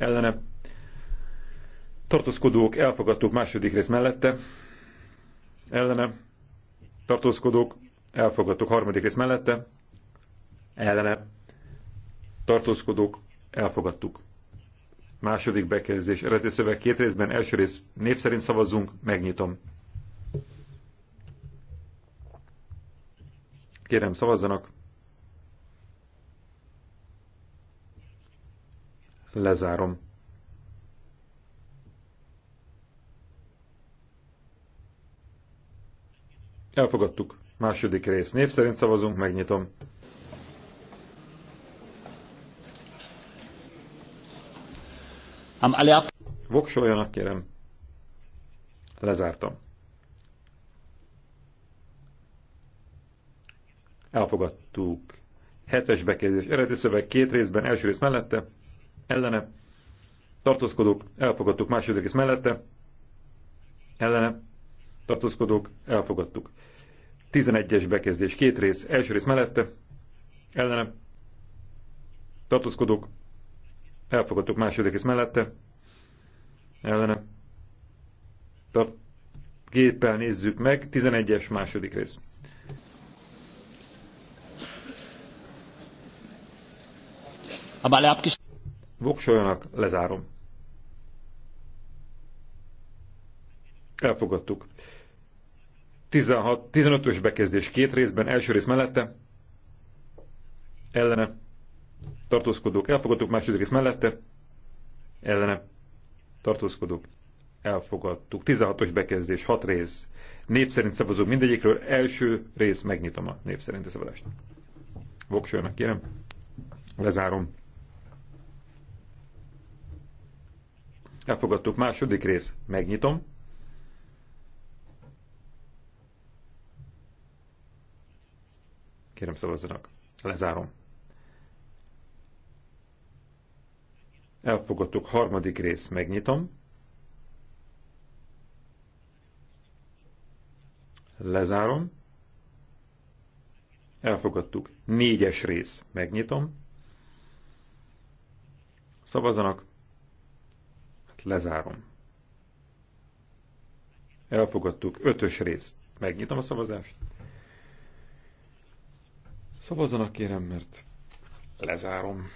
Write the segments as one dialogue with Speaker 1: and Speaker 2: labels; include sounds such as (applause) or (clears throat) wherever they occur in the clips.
Speaker 1: ellene tartózkodók elfogadtuk második rész mellette, ellene tartózkodók elfogadtuk harmadik rész mellette, ellene tartózkodók elfogadtuk. Második bekezdés. Eredeti szöveg két részben, első rész név szerint szavazzunk, megnyitom. Kérem, szavazzanak. Lezárom. Elfogadtuk. Második rész. Név szerint szavazunk, megnyitom. Voksoljanak, kérem. Lezártam. Elfogadtuk. Hetes bekérdés. Eredeti szöveg két részben, első rész mellette, ellene, tartózkodók, elfogadtuk második rész mellette, ellene, tartózkodók, elfogadtuk. 11-es bekezdés, két rész, első rész mellette, ellene, tartózkodók, elfogadtuk második rész mellette, ellene, tart, géppel nézzük meg, 11-es második rész voksoljanak, lezárom. Elfogadtuk. 15-ös bekezdés két részben, első rész mellette, ellene, tartózkodók, elfogadtuk, második rész mellette, ellene, tartózkodók, elfogadtuk. 16-os bekezdés, hat rész, Népszerint szerint szavazunk mindegyikről, első rész, megnyitom a népszerint a szavazást. Voksoljanak, kérem, lezárom. Elfogadtuk második rész. Megnyitom. Kérem szavazzanak. Lezárom. Elfogadtuk harmadik rész. Megnyitom. Lezárom. Elfogadtuk. Négyes rész. Megnyitom. Szavazzanak lezárom. Elfogadtuk ötös részt. Megnyitom a szavazást. Szavazzanak kérem, mert lezárom.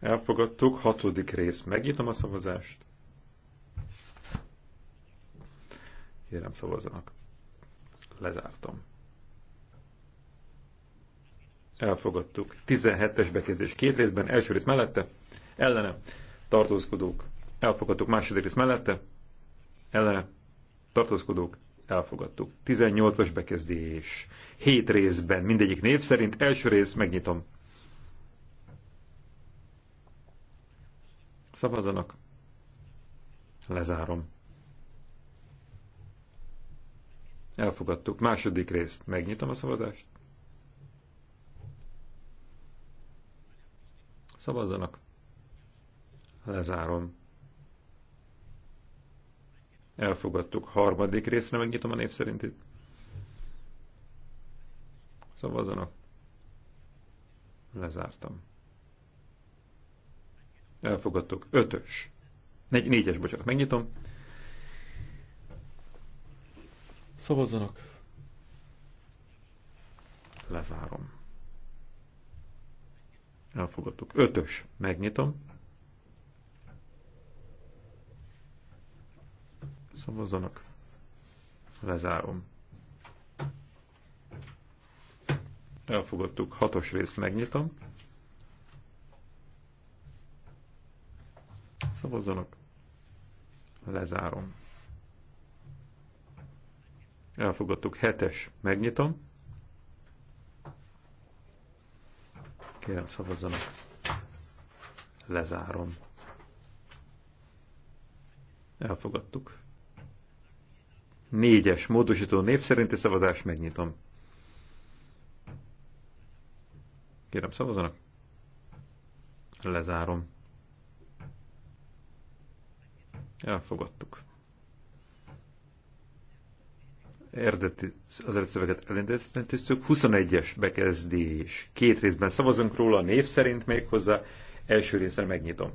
Speaker 1: Elfogadtuk, hatodik rész. Megnyitom a szavazást. Kérem, szavazzanak. Lezártam. Elfogadtuk. 17-es bekezdés két részben, első rész mellette, ellene tartózkodók elfogadtuk. Második rész mellette ellene tartózkodók elfogadtuk. 18-as bekezdés. Hét részben, mindegyik név szerint. Első rész, megnyitom. Szavazanak. Lezárom. Elfogadtuk. Második részt. Megnyitom a szavazást. Szavazzanak. Lezárom. Elfogadtuk. Harmadik részre megnyitom a név szerint itt. Szavazzanak. Lezártam. Elfogadtuk. Ötös. Negy, négyes, bocsánat, megnyitom. Szavazzanak. Lezárom. Elfogadtuk. Ötös. Megnyitom. Szavazzanak. Lezárom. Elfogadtuk. Hatos részt megnyitom. Szavazzanak. Lezárom. Elfogadtuk. Hetes. Megnyitom. Kérem, szavazzanak. Lezárom. Elfogadtuk. Négyes módosító név szerinti szavazás megnyitom. Kérem, szavazanak. Lezárom. Elfogadtuk. Erdeti az eredeti szöveget elindítettük. 21-es bekezdés. Két részben szavazunk róla, név szerint méghozzá. Első részre megnyitom.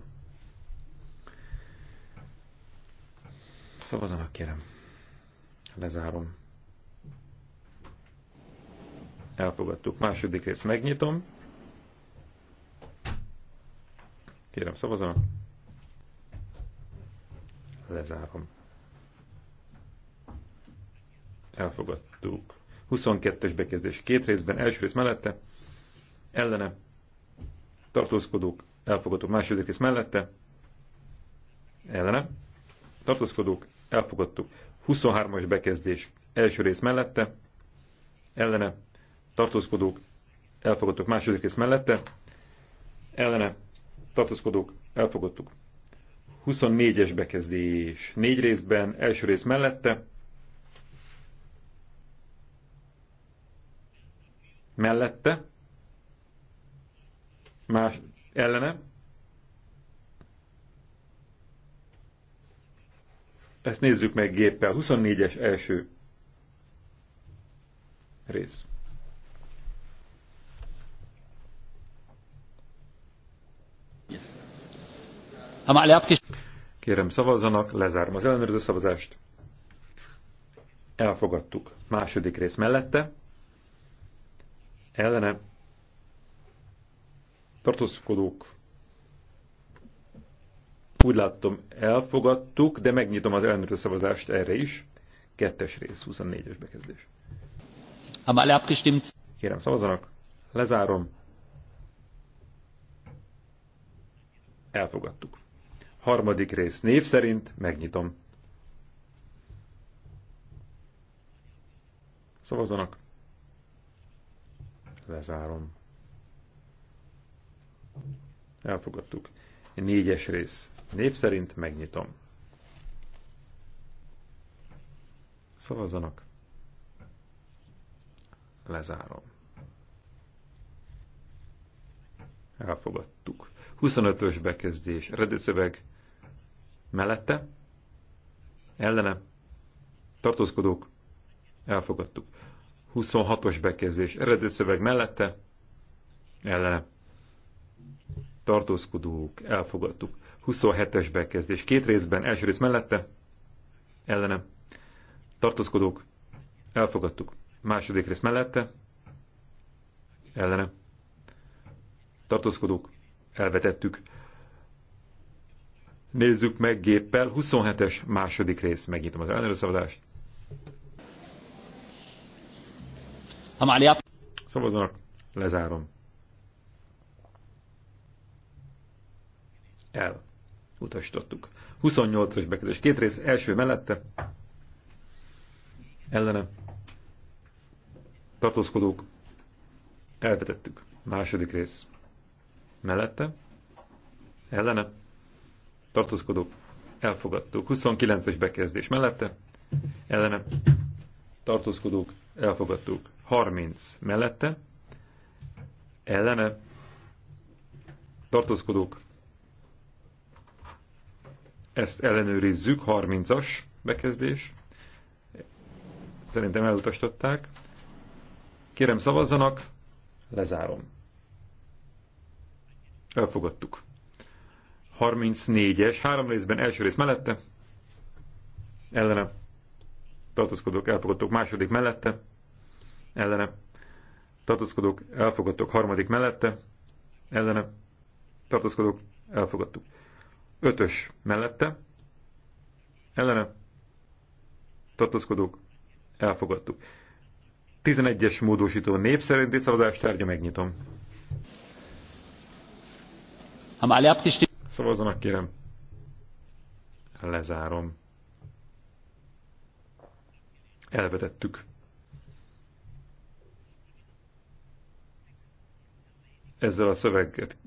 Speaker 1: Szavazanak, kérem. Lezárom. Elfogadtuk. Második részt megnyitom. Kérem, szavazanak. Lezárom. Elfogadtuk. 22-es bekezdés két részben, első rész mellette, ellene, tartózkodók, elfogadtuk második rész mellette, ellene, tartózkodók, elfogadtuk 23-as bekezdés első rész mellette, ellene tartózkodók elfogadtuk második rész mellette, ellene tartózkodók elfogadtuk. 24-es bekezdés négy részben, első rész mellette, mellette, más ellene, Ezt nézzük meg géppel. 24-es első rész. Kérem szavazzanak, lezárom az ellenőrző szavazást. Elfogadtuk. Második rész mellette. Ellene. Tartózkodók úgy láttam, elfogadtuk, de megnyitom az elnökre szavazást erre is. Kettes rész, 24-es bekezdés. Kérem, szavazanak. Lezárom. Elfogadtuk. Harmadik rész név szerint megnyitom. Szavazanak. Lezárom. Elfogadtuk. Négyes rész. Név szerint megnyitom. Szavazzanak. Lezárom. Elfogadtuk. 25-ös bekezdés. Redőszöveg mellette. Ellene. Tartózkodók. Elfogadtuk. 26-os bekezdés. Eredeti szöveg mellette. Ellene tartózkodók, elfogadtuk. 27-es bekezdés. Két részben, első rész mellette, ellene, tartózkodók, elfogadtuk. Második rész mellette, ellene, tartózkodók, elvetettük. Nézzük meg géppel, 27-es második rész, megnyitom az ellenőrzavazást. Amália. Szavazzanak, lezárom. El. Utasítottuk. 28-as bekezdés. Két rész. Első mellette. Ellene. Tartózkodók. Elvetettük. Második rész. Mellette. Ellene. Tartózkodók. Elfogadtuk. 29-es bekezdés. Mellette. Ellene. Tartózkodók. Elfogadtuk. 30. Mellette. Ellene. Tartózkodók ezt ellenőrizzük, 30-as bekezdés. Szerintem elutasították. Kérem szavazzanak, lezárom. Elfogadtuk. 34-es, három részben első rész mellette, ellene, tartózkodók, elfogadtok második mellette, ellene, tartózkodók, elfogadtok harmadik mellette, ellene, tartózkodók, elfogadtuk. Ötös mellette, ellene, tartózkodók, elfogadtuk. 11-es módosító név szerinti szavazás tárgya megnyitom. Szavazzanak kérem. Lezárom. Elvetettük. Ezzel a szöveget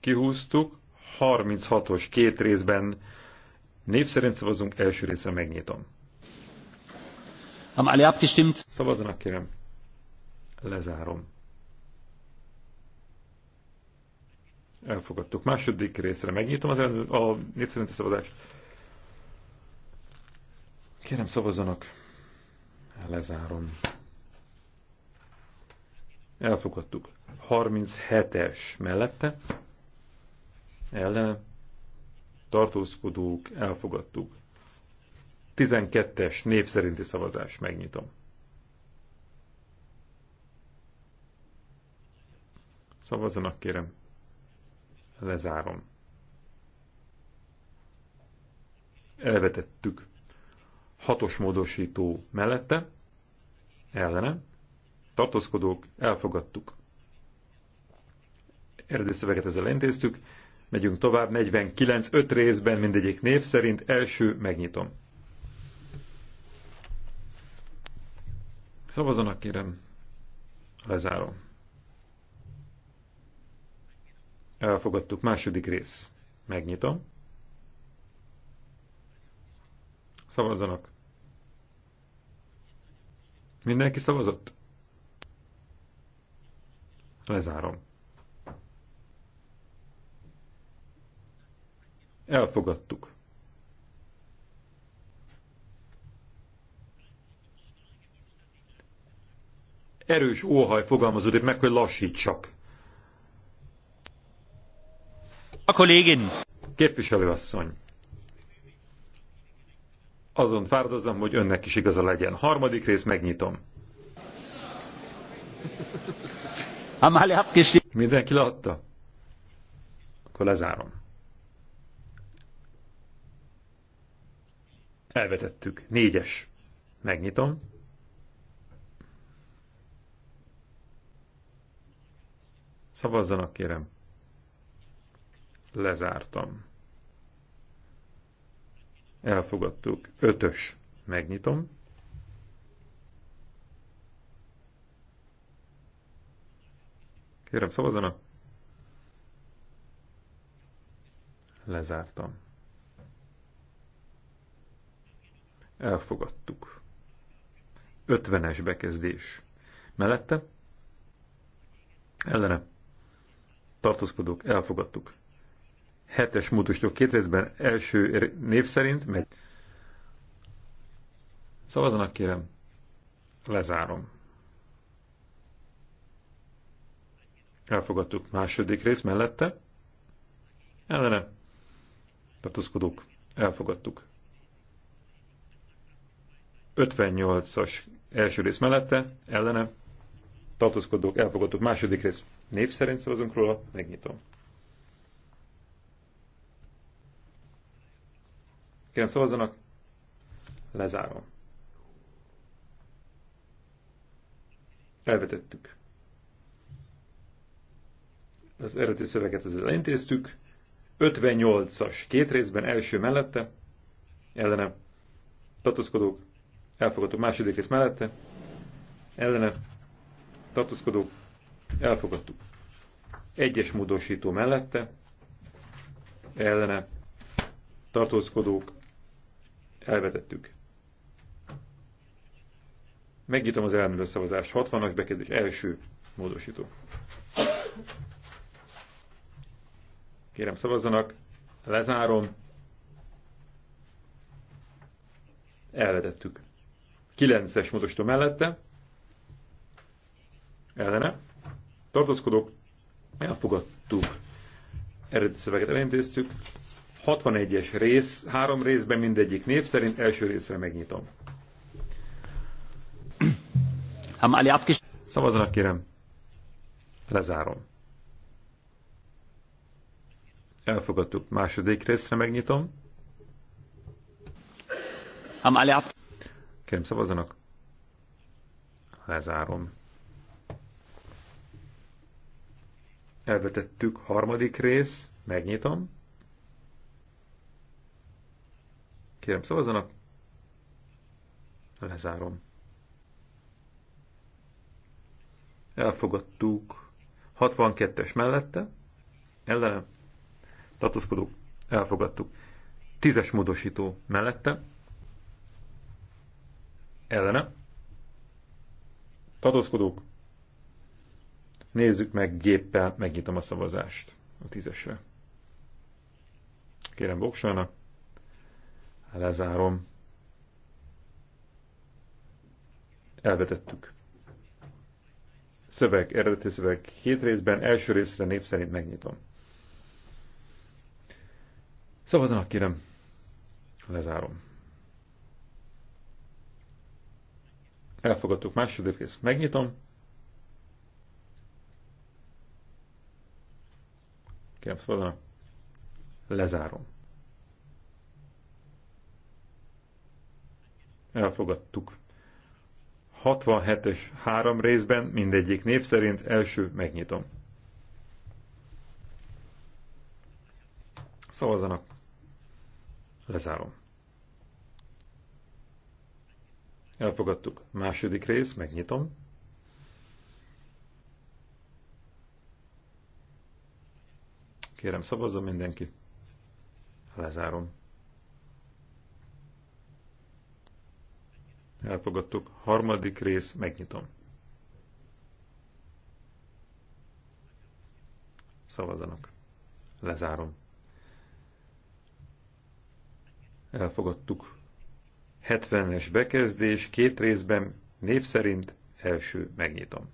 Speaker 1: kihúztuk. 36-os két részben név szerint szavazunk, első része megnyitom. Am alle abgestimmt? Szavazzanak kérem. Lezárom. Elfogadtuk. Második részre megnyitom az a népszerinti szavazást. Kérem szavazzanak. Lezárom. Elfogadtuk. 37-es mellette ellen tartózkodók elfogadtuk. 12-es név szerinti szavazás, megnyitom. Szavazzanak kérem. Lezárom. Elvetettük. Hatos módosító mellette, ellene, tartózkodók, elfogadtuk. Eredeti szöveget ezzel intéztük. Megyünk tovább, 49, 5 részben, mindegyik név szerint. Első, megnyitom. Szavazanak, kérem. Lezárom. Elfogadtuk. Második rész. Megnyitom. Szavazzanak. Mindenki szavazott? Lezárom. Elfogadtuk. Erős óhaj fogalmazódik meg, hogy lassítsak. A kollégin! Képviselőasszony! Azon fáradozom, hogy önnek is igaza legyen. Harmadik rész megnyitom. Hát Mindenki látta? Akkor lezárom. Elvetettük. Négyes. Megnyitom. Szavazzanak, kérem. Lezártam. Elfogadtuk. Ötös. Megnyitom. Kérem, szavazzanak. Lezártam. elfogadtuk. 50-es bekezdés. Mellette ellene tartózkodók elfogadtuk. 7-es módosító két részben első név szerint megy. Szavazanak kérem. Lezárom. Elfogadtuk második rész mellette. Ellene tartózkodók elfogadtuk. 58-as első rész mellette, ellene, tartózkodók, elfogadók, második rész név szerint szavazunk róla, megnyitom. Kérem szavazzanak, lezárom. Elvetettük. Az eredeti szöveget ezzel elintéztük. 58-as két részben első mellette, ellene tartózkodók, elfogadó Második rész mellette, ellene, tartózkodó, elfogadtuk. Egyes módosító mellette, ellene, tartózkodók, elvetettük. Megnyitom az elmélet szavazást. 60-as bekezdés első módosító. Kérem szavazzanak, lezárom, elvetettük. 9-es módosító mellette, ellene, tartózkodók, elfogadtuk, eredeti szöveget elintéztük, 61-es rész, három részben mindegyik név szerint, első részre megnyitom. (clears throat) Szavazanak kérem. Lezárom. Elfogadtuk. Második részre megnyitom. Kérem szavazzanak. Lezárom. Elvetettük harmadik rész. Megnyitom. Kérem szavazzanak. Lezárom. Elfogadtuk 62-es mellette. Ellenem. Tartózkodó. Elfogadtuk. Tízes módosító mellette ellene. Tartózkodók. Nézzük meg géppel, megnyitom a szavazást a tízesre. Kérem voksolnak. Lezárom. Elvetettük. Szöveg, eredeti szöveg hét részben, első részre név szerint megnyitom. Szavazanak kérem. Lezárom. Elfogadtuk második részt. Megnyitom. Kérem szóval, Lezárom. Elfogadtuk. 67-es három részben, mindegyik név szerint, első megnyitom. Szavazzanak. Lezárom. Elfogadtuk. Második rész, megnyitom. Kérem, szavazzon mindenki. Lezárom. Elfogadtuk. Harmadik rész, megnyitom. Szavazzanak. Lezárom. Elfogadtuk. 70-es bekezdés, két részben, név szerint, első, megnyitom.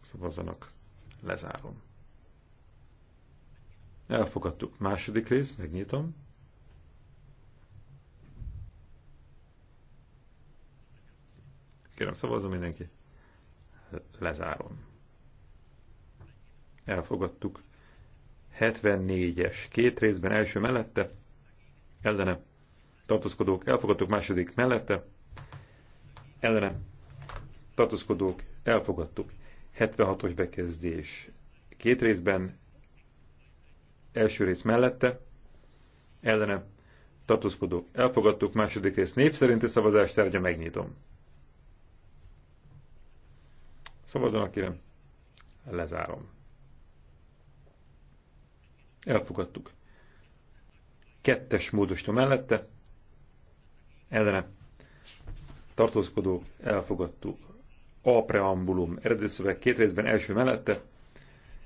Speaker 1: Szavazzanak, lezárom. Elfogadtuk. Második rész, megnyitom. Kérem, szavazom mindenki. Lezárom. Elfogadtuk. 74-es. Két részben első mellette, ellene. Tartózkodók elfogadtuk második mellette, ellene. Tartózkodók elfogadtuk. 76-os bekezdés. Két részben első rész mellette, ellene. Tartózkodók elfogadtuk második rész név szerinti szavazást tárgya megnyitom. Szavazzanak kérem. Lezárom. Elfogadtuk. Kettes módosító mellette, ellene tartózkodók, elfogadtuk. A preambulum eredetszöveg két részben első mellette,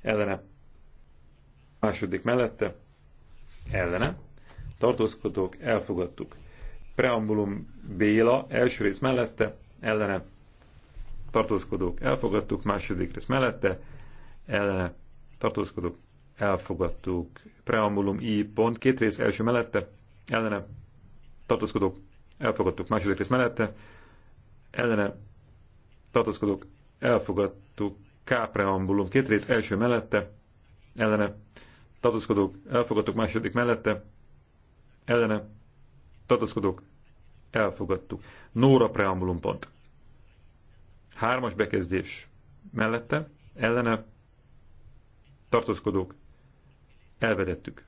Speaker 1: ellene második mellette, ellene tartózkodók, elfogadtuk. Preambulum Béla első rész mellette, ellene tartózkodók, elfogadtuk. Második rész mellette, ellene tartózkodók, elfogadtuk. Preambulum I pont, két rész, első mellette, ellene, tartózkodók, elfogadtuk. Második rész mellette, ellene, tartózkodók, elfogadtuk. K preambulum, két rész, első mellette, ellene, tartózkodók, elfogadtuk. Második mellette, ellene, tartózkodók, elfogadtuk. Nóra preambulum pont. Hármas bekezdés mellette, ellene, tartózkodók, Elvetettük.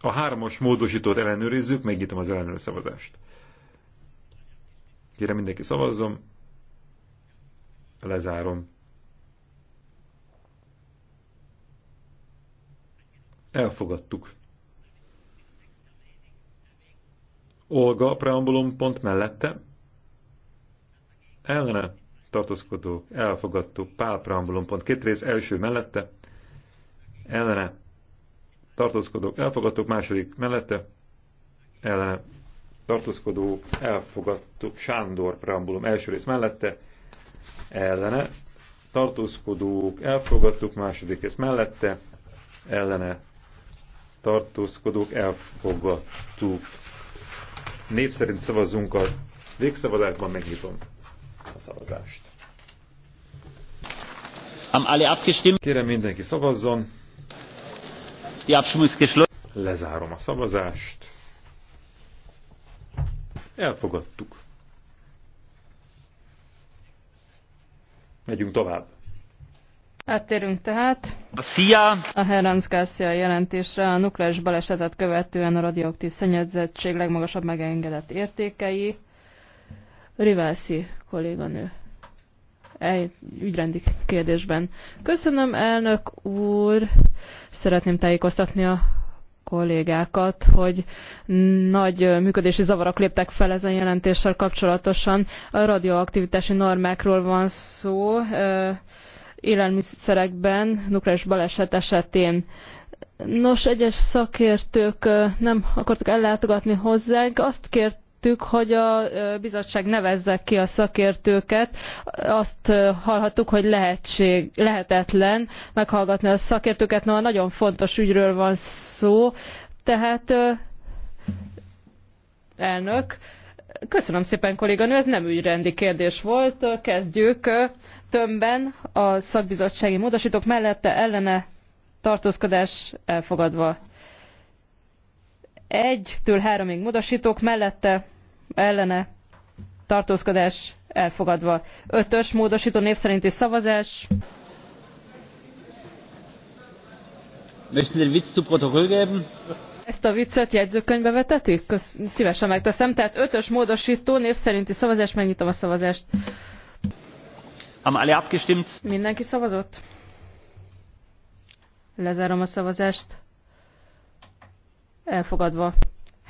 Speaker 1: A hármas módosítót ellenőrizzük, megnyitom az ellenőr szavazást. Kérem mindenki szavazzom, Lezárom. Elfogadtuk. Olga preambulum pont mellette. Ellene tartózkodó, elfogadtó pál preambulum pont, két rész, első mellette, ellene, tartózkodók, elfogadtuk, második mellette, ellene, tartózkodó, elfogadtuk, Sándor preambulum, első rész mellette, ellene, tartózkodók, elfogadtuk, második rész mellette, ellene, tartózkodók, elfogadtuk. Név szerint szavazunk a végszavazásban, megnyitom a szavazást. Kérem mindenki szavazzon. Lezárom a szavazást. Elfogadtuk. Megyünk tovább.
Speaker 2: Áttérünk tehát
Speaker 1: Szia! a
Speaker 2: Herranz Garcia jelentésre a nukleáris balesetet követően a radioaktív szennyezettség legmagasabb megengedett értékei. Riválszi kolléganő egy ügyrendi kérdésben. Köszönöm, elnök úr! Szeretném tájékoztatni a kollégákat, hogy nagy működési zavarok léptek fel ezen jelentéssel kapcsolatosan. A radioaktivitási normákról van szó élelmiszerekben, nukleáris baleset esetén. Nos, egyes szakértők nem akartak ellátogatni hozzánk. Azt kért kértük, hogy a bizottság nevezze ki a szakértőket. Azt hallhattuk, hogy lehetség, lehetetlen meghallgatni a szakértőket, noha nagyon fontos ügyről van szó. Tehát elnök, köszönöm szépen kolléganő, ez nem ügyrendi kérdés volt. Kezdjük tömbben a szakbizottsági módosítók mellette ellene tartózkodás elfogadva. Egytől től 3 módosítók mellette ellene tartózkodás elfogadva. Ötös módosító név szerinti szavazás.
Speaker 3: Möchten den Witz zu Protokoll geben?
Speaker 2: Ezt a viccet jegyzőkönyvbe vetetik? Kösz, szívesen megteszem. Tehát ötös módosító név szerinti szavazás, megnyitom a szavazást.
Speaker 3: Haben alle abgestimmt?
Speaker 2: Mindenki szavazott? Lezárom a szavazást. Elfogadva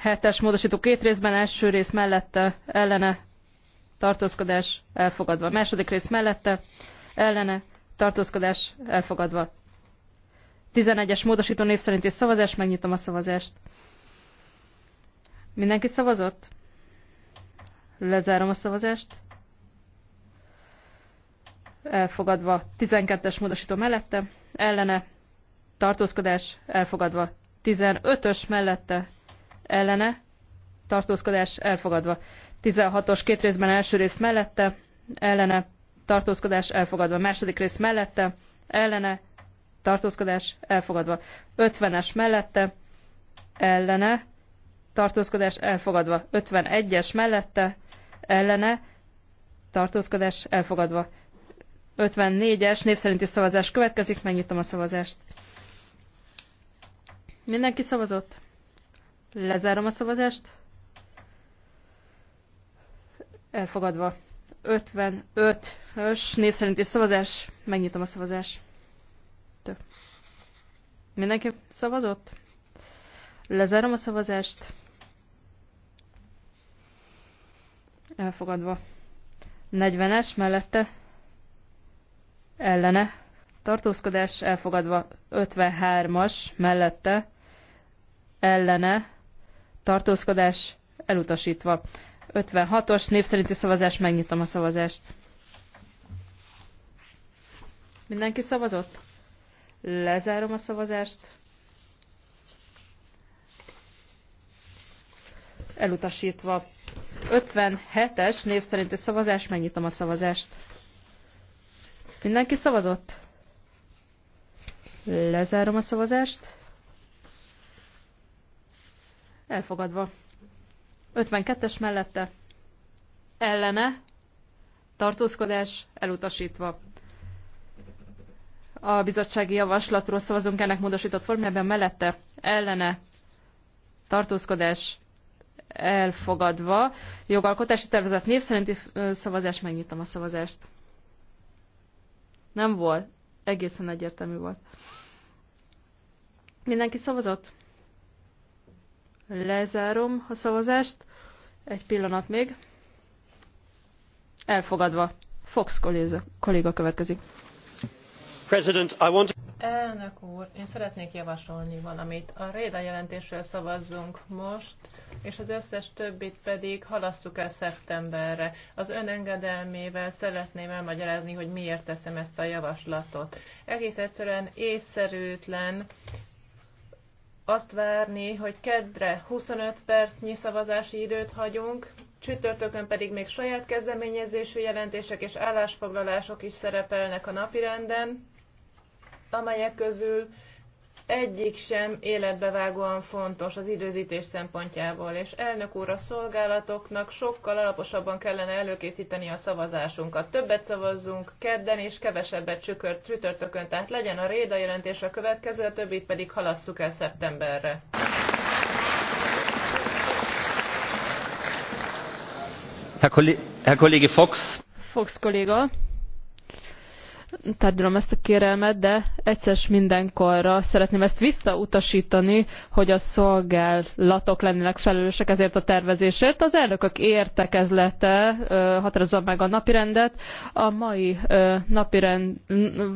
Speaker 2: hetes módosító két részben, első rész mellette, ellene, tartózkodás elfogadva. Második rész mellette, ellene, tartózkodás elfogadva. 11-es módosító név szerinti szavazás, megnyitom a szavazást. Mindenki szavazott? Lezárom a szavazást. Elfogadva 12-es módosító mellette, ellene, tartózkodás elfogadva. 15-ös mellette, ellene, tartózkodás elfogadva. 16-os két részben első rész mellette, ellene, tartózkodás elfogadva. Második rész mellette, ellene, tartózkodás elfogadva. 50-es mellette, ellene, tartózkodás elfogadva. 51-es mellette, ellene, tartózkodás elfogadva. 54-es név szerinti szavazás következik, megnyitom a szavazást. Mindenki szavazott? Lezárom a szavazást. Elfogadva. 55-ös név szerinti szavazás. Megnyitom a szavazás. Tök. Mindenki szavazott? Lezárom a szavazást. Elfogadva. 40-es mellette. Ellene. Tartózkodás elfogadva. 53-as mellette. Ellene tartózkodás elutasítva. 56-os név szavazás, megnyitom a szavazást. Mindenki szavazott? Lezárom a szavazást. Elutasítva. 57-es név szavazás, megnyitom a szavazást. Mindenki szavazott? Lezárom a szavazást. Elfogadva. 52-es mellette. Ellene. Tartózkodás elutasítva. A bizottsági javaslatról szavazunk ennek módosított formájában mellette. Ellene. Tartózkodás elfogadva. Jogalkotási tervezet név szerinti szavazás. Megnyitom a szavazást. Nem volt. Egészen egyértelmű volt. Mindenki szavazott? Lezárom a szavazást. Egy pillanat még. Elfogadva. Fox kolléza, kolléga következik.
Speaker 3: President, I want...
Speaker 4: Elnök úr, én szeretnék javasolni valamit. A Réda jelentésről szavazzunk most, és az összes többit pedig halasszuk el szeptemberre. Az önengedelmével szeretném elmagyarázni, hogy miért teszem ezt a javaslatot. Egész egyszerűen észszerűtlen azt várni, hogy kedre 25 percnyi szavazási időt hagyunk, csütörtökön pedig még saját kezdeményezésű jelentések és állásfoglalások is szerepelnek a napirenden, amelyek közül egyik sem életbevágóan fontos az időzítés szempontjából, és elnök úr a szolgálatoknak sokkal alaposabban kellene előkészíteni a szavazásunkat. Többet szavazzunk kedden és kevesebbet csükör, csütörtökön, tehát legyen a réda jelentés a következő, a többit pedig halasszuk el szeptemberre.
Speaker 3: Herr Kollege Fox.
Speaker 4: Fox kolléga
Speaker 2: tárgyalom ezt a kérelmet, de egyszer mindenkorra szeretném ezt visszautasítani, hogy a szolgálatok lennének felelősek ezért a tervezésért. Az elnökök értekezlete határozza meg a napirendet. A mai napirend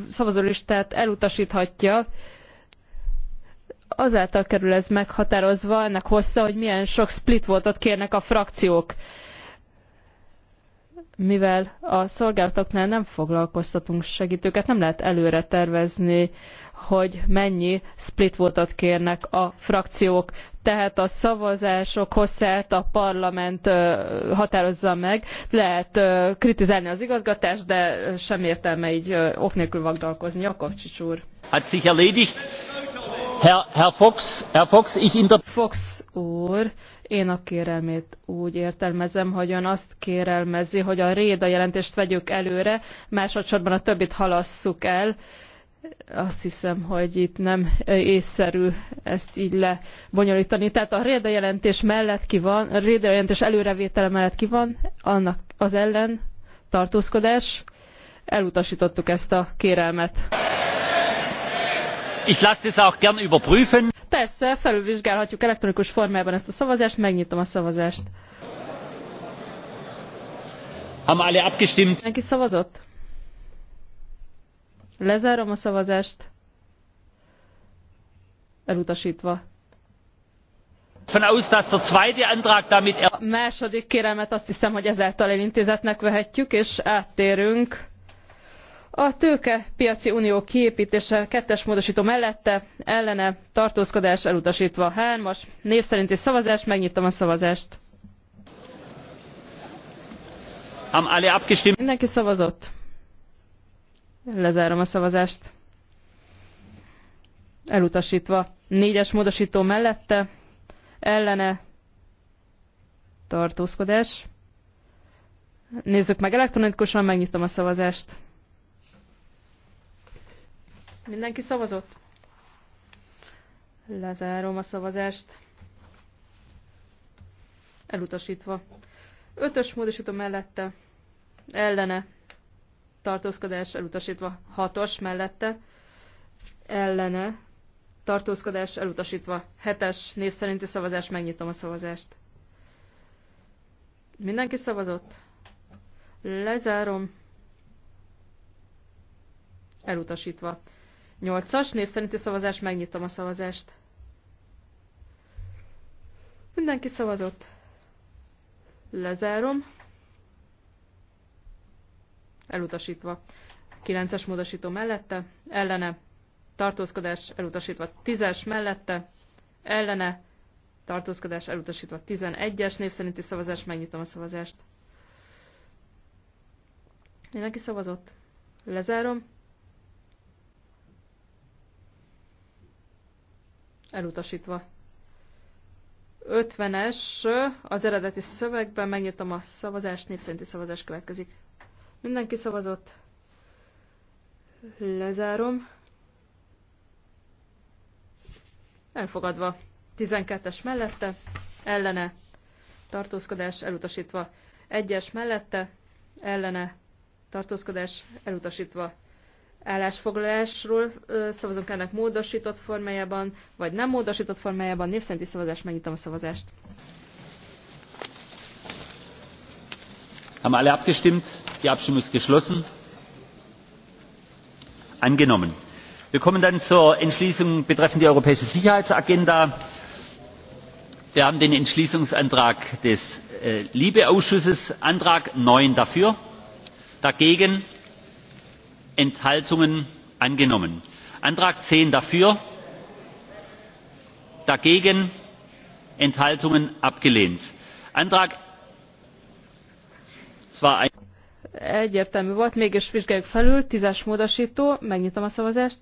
Speaker 2: szavazólistát elutasíthatja. Azáltal kerül ez meghatározva, ennek hossza, hogy milyen sok split voltat kérnek a frakciók mivel a szolgálatoknál nem foglalkoztatunk segítőket, nem lehet előre tervezni, hogy mennyi split voltat kérnek a frakciók. Tehát a szavazások hosszát a parlament határozza meg. Lehet kritizálni az igazgatást, de sem értelme így ok nélkül vagdalkozni. Jakovcsics úr.
Speaker 3: Hát sich erledigt. Herr, Herr Fox, Herr Fox, ich inter...
Speaker 2: Fox úr, én a kérelmét úgy értelmezem, hogy ön azt kérelmezi, hogy a réda jelentést vegyük előre, másodszorban a többit halasszuk el. Azt hiszem, hogy itt nem észszerű ezt így lebonyolítani. Tehát a réda jelentés mellett ki van, a réda jelentés előrevétele mellett ki van, annak az ellen tartózkodás. Elutasítottuk ezt a kérelmet.
Speaker 3: Ich lasse es auch gern überprüfen.
Speaker 2: Persze, felülvizsgálhatjuk elektronikus formában ezt a szavazást, megnyitom a szavazást.
Speaker 3: Haben alle abgestimmt?
Speaker 2: Senki szavazott? Lezárom a szavazást.
Speaker 3: Elutasítva. Von aus, dass der zweite Antrag damit
Speaker 2: er... A második kérelmet azt hiszem, hogy ezáltal elintézetnek vehetjük, és áttérünk a tőkepiaci unió kiépítése kettes módosító mellette ellene tartózkodás elutasítva hármas. Név szerinti szavazás, megnyitom a szavazást. Mindenki szavazott. Lezárom a szavazást. Elutasítva. Négyes módosító mellette ellene tartózkodás. Nézzük meg elektronikusan, megnyitom a szavazást. Mindenki szavazott? Lezárom a szavazást. Elutasítva. Ötös módosító mellette. Ellene. Tartózkodás elutasítva. Hatos mellette. Ellene. Tartózkodás elutasítva. Hetes név szerinti szavazás. Megnyitom a szavazást. Mindenki szavazott? Lezárom. Elutasítva. 8-as név szerinti szavazás, megnyitom a szavazást. Mindenki szavazott. Lezárom. Elutasítva. 9-es módosító mellette, ellene, tartózkodás elutasítva 10-es mellette, ellene, tartózkodás elutasítva 11-es név szerinti szavazás, megnyitom a szavazást. Mindenki szavazott. Lezárom. elutasítva. 50-es az eredeti szövegben, megnyitom a szavazást, név szerinti szavazás következik. Mindenki szavazott. Lezárom. Elfogadva. 12-es mellette, ellene, tartózkodás elutasítva. 1-es mellette, ellene, tartózkodás elutasítva állásfoglalásról szavazunk ennek módosított formájában, vagy nem módosított formájában. Név szerinti szavazást, megnyitom a szavazást.
Speaker 3: Haben alle abgestimmt? Die Abstimmung ist geschlossen. Angenommen. Wir kommen dann zur Entschließung betreffend die europäische Sicherheitsagenda. Wir haben den Entschließungsantrag des äh, Libe-Ausschusses, Antrag 9 dafür, dagegen enthaltungen angenommen; antrag zehn dafür dagegen enthaltungen abgelehnt; antrag
Speaker 2: egyértelmű volt mégis vizsgáljuk felül tízes módosító, megnyitom a szavazást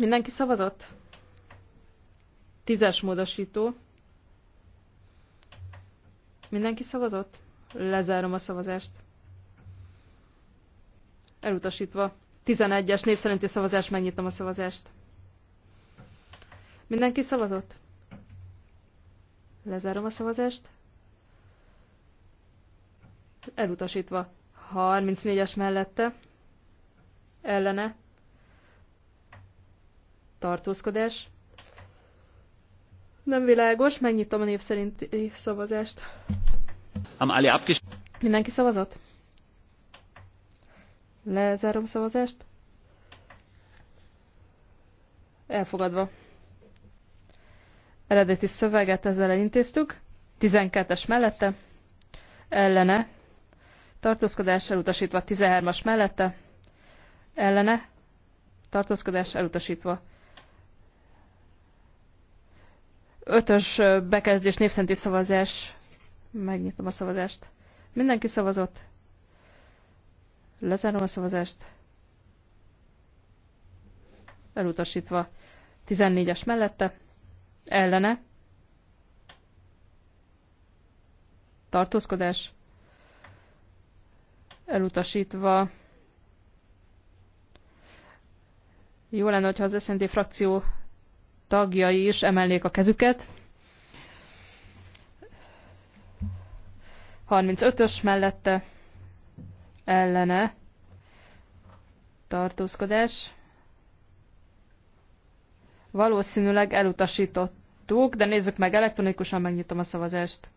Speaker 2: mindenki szavazott tízes módosító. mindenki szavazott lezárom a szavazást elutasítva. 11-es név szerinti szavazás, megnyitom a szavazást. Mindenki szavazott? Lezárom a szavazást. Elutasítva. 34-es mellette. Ellene. Tartózkodás. Nem világos, megnyitom a név szerinti szavazást. Mindenki szavazott? Lezárom szavazást. Elfogadva. Eredeti szöveget ezzel elintéztük. 12-es mellette. Ellene. Tartózkodás elutasítva. 13-as mellette. Ellene. Tartózkodás elutasítva. 5-ös bekezdés névszenti szavazás. Megnyitom a szavazást. Mindenki szavazott. Lezárom a szavazást. Elutasítva. 14-es mellette. Ellene. Tartózkodás. Elutasítva. Jó lenne, hogyha az SZND frakció tagjai is emelnék a kezüket. 35-ös mellette ellene tartózkodás. Valószínűleg elutasítottuk, de nézzük meg elektronikusan, megnyitom a szavazást.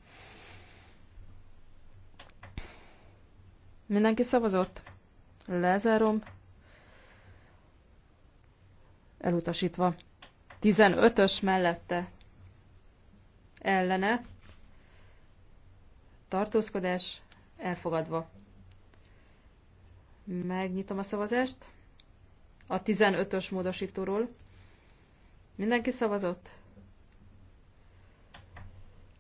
Speaker 2: Mindenki szavazott? Lezárom. Elutasítva. 15-ös mellette. Ellene. Tartózkodás elfogadva. Megnyitom a szavazást. A 15-ös módosítóról. Mindenki szavazott?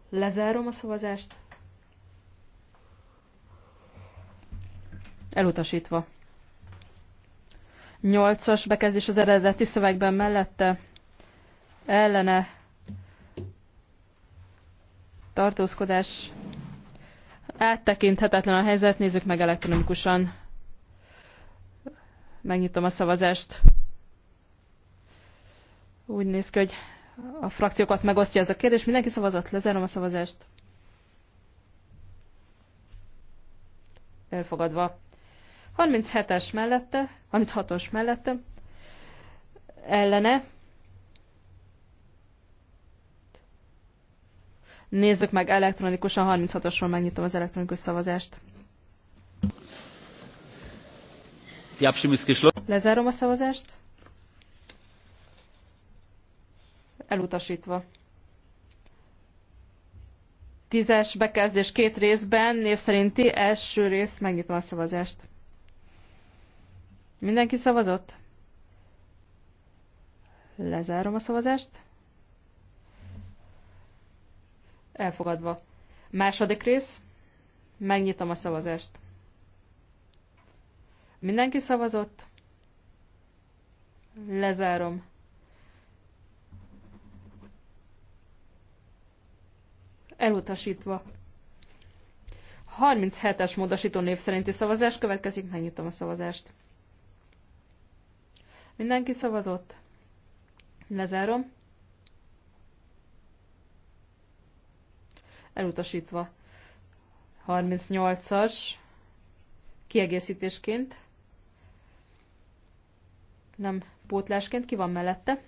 Speaker 2: Lezárom a szavazást. Elutasítva. 8-as bekezdés az eredeti szövegben mellette. Ellene. Tartózkodás. Áttekinthetetlen a helyzet, nézzük meg elektronikusan. Megnyitom a szavazást. Úgy néz ki, hogy a frakciókat megosztja ez a kérdés. Mindenki szavazott? Lezárom a szavazást. Elfogadva. 37-es mellette, 36-os mellette, ellene. Nézzük meg elektronikusan, 36-osról megnyitom az elektronikus szavazást. Lezárom a szavazást. Elutasítva. Tízes bekezdés két részben, név szerinti első rész, megnyitom a szavazást. Mindenki szavazott? Lezárom a szavazást. Elfogadva. Második rész. Megnyitom a szavazást. Mindenki szavazott? Lezárom. Elutasítva. 37-es módosító név szerinti szavazás következik, megnyitom a szavazást. Mindenki szavazott? Lezárom. Elutasítva. 38-as kiegészítésként nem pótlásként, ki van mellette?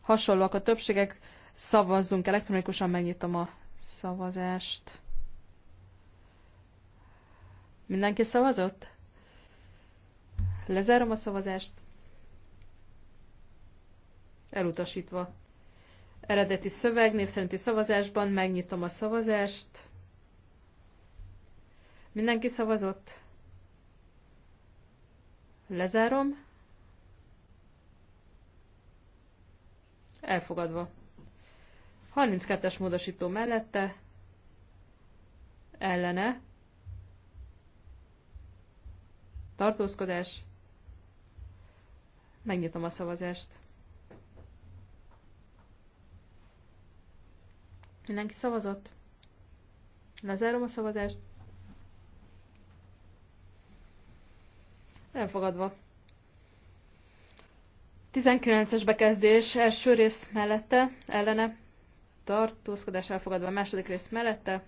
Speaker 2: Hasonlóak a többségek, szavazzunk elektronikusan, megnyitom a szavazást. Mindenki szavazott? Lezárom a szavazást. Elutasítva. Eredeti szöveg, név szerinti szavazásban megnyitom a szavazást. Mindenki szavazott? Lezárom. Elfogadva. 32-es módosító mellette. Ellene. Tartózkodás. Megnyitom a szavazást. Mindenki szavazott? Lezárom a szavazást. Elfogadva. 19-es bekezdés első rész mellette, ellene, tartózkodás elfogadva, második rész mellette,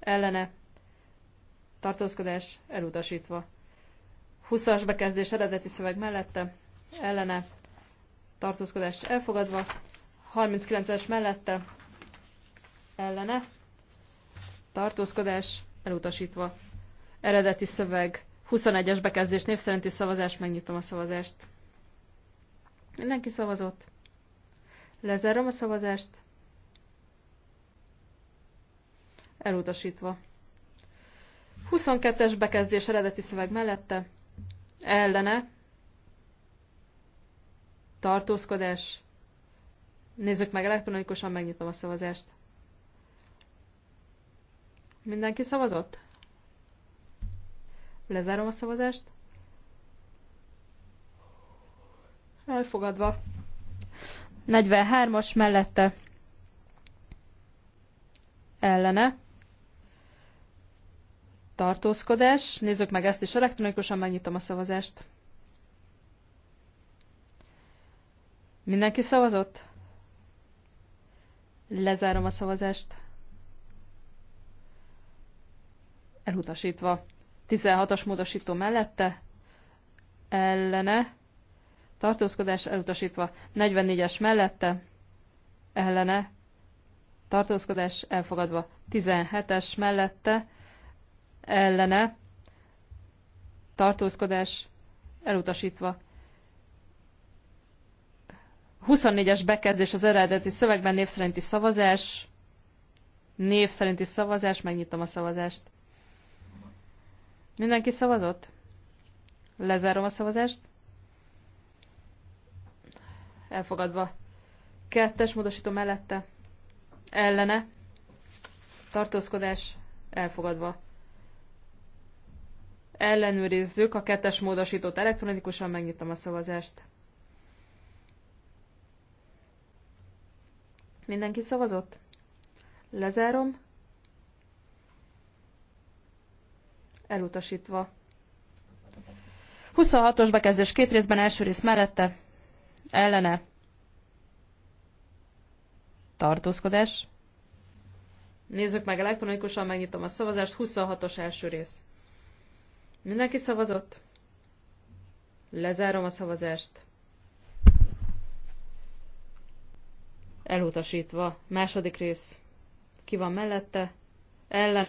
Speaker 2: ellene, tartózkodás elutasítva. 20-as bekezdés eredeti szöveg mellette, ellene, tartózkodás elfogadva, 39-es mellette, ellene, tartózkodás elutasítva. Eredeti szöveg 21-es bekezdés név szerinti szavazás, megnyitom a szavazást. Mindenki szavazott. Lezárom a szavazást. Elutasítva. 22-es bekezdés eredeti szöveg mellette. Ellene. Tartózkodás. Nézzük meg elektronikusan, megnyitom a szavazást. Mindenki szavazott? Lezárom a szavazást. Elfogadva. 43-as mellette. Ellene. Tartózkodás. Nézzük meg ezt is elektronikusan, megnyitom a szavazást. Mindenki szavazott? Lezárom a szavazást. Elutasítva. 16-as módosító mellette ellene tartózkodás elutasítva 44-es mellette ellene tartózkodás elfogadva 17-es mellette ellene tartózkodás elutasítva 24-es bekezdés az eredeti szövegben név szerinti szavazás név szerinti szavazás megnyitom a szavazást Mindenki szavazott? Lezárom a szavazást. Elfogadva. Kettes módosító mellette. Ellene. Tartózkodás. Elfogadva. Ellenőrizzük a kettes módosítót elektronikusan, megnyitom a szavazást. Mindenki szavazott? Lezárom. elutasítva. 26-os bekezdés két részben, első rész mellette, ellene, tartózkodás. Nézzük meg elektronikusan, megnyitom a szavazást, 26-os első rész. Mindenki szavazott? Lezárom a szavazást. Elutasítva. Második rész. Ki van mellette? Ellen.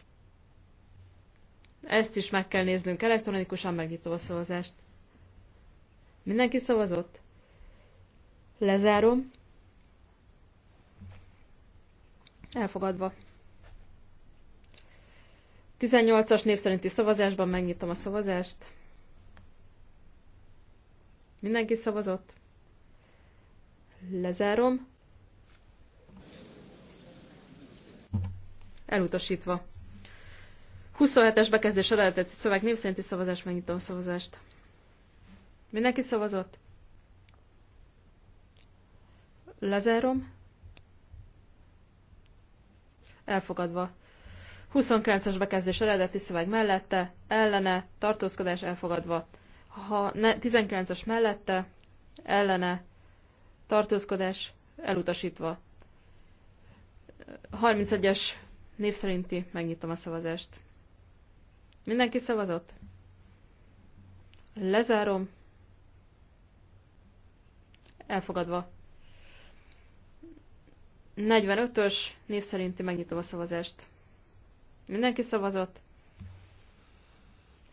Speaker 2: Ezt is meg kell néznünk elektronikusan, megnyitom a szavazást. Mindenki szavazott? Lezárom. Elfogadva. 18-as név szerinti szavazásban megnyitom a szavazást. Mindenki szavazott? Lezárom. Elutasítva. 27-es bekezdés eredeti szöveg név szerinti szavazás, megnyitom a szavazást. Mindenki szavazott? Lezárom. Elfogadva. 29-es bekezdés eredeti szöveg mellette, ellene, tartózkodás elfogadva. Ha 19-es mellette, ellene, tartózkodás elutasítva. 31-es név szerinti, megnyitom a szavazást. Mindenki szavazott? Lezárom. Elfogadva. 45-ös név szerinti megnyitom a szavazást. Mindenki szavazott?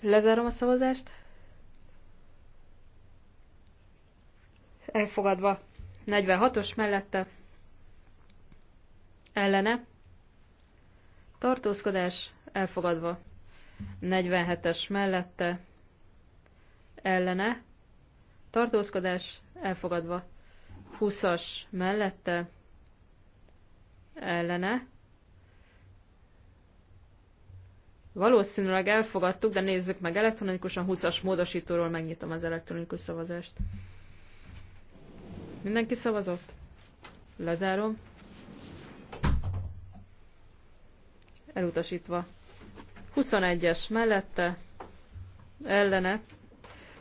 Speaker 2: Lezárom a szavazást. Elfogadva. 46-os mellette. Ellene. Tartózkodás elfogadva. 47-es mellette ellene, tartózkodás elfogadva, 20-as mellette ellene. Valószínűleg elfogadtuk, de nézzük meg elektronikusan, 20-as módosítóról megnyitom az elektronikus szavazást. Mindenki szavazott? Lezárom. Elutasítva. 21-es mellette ellene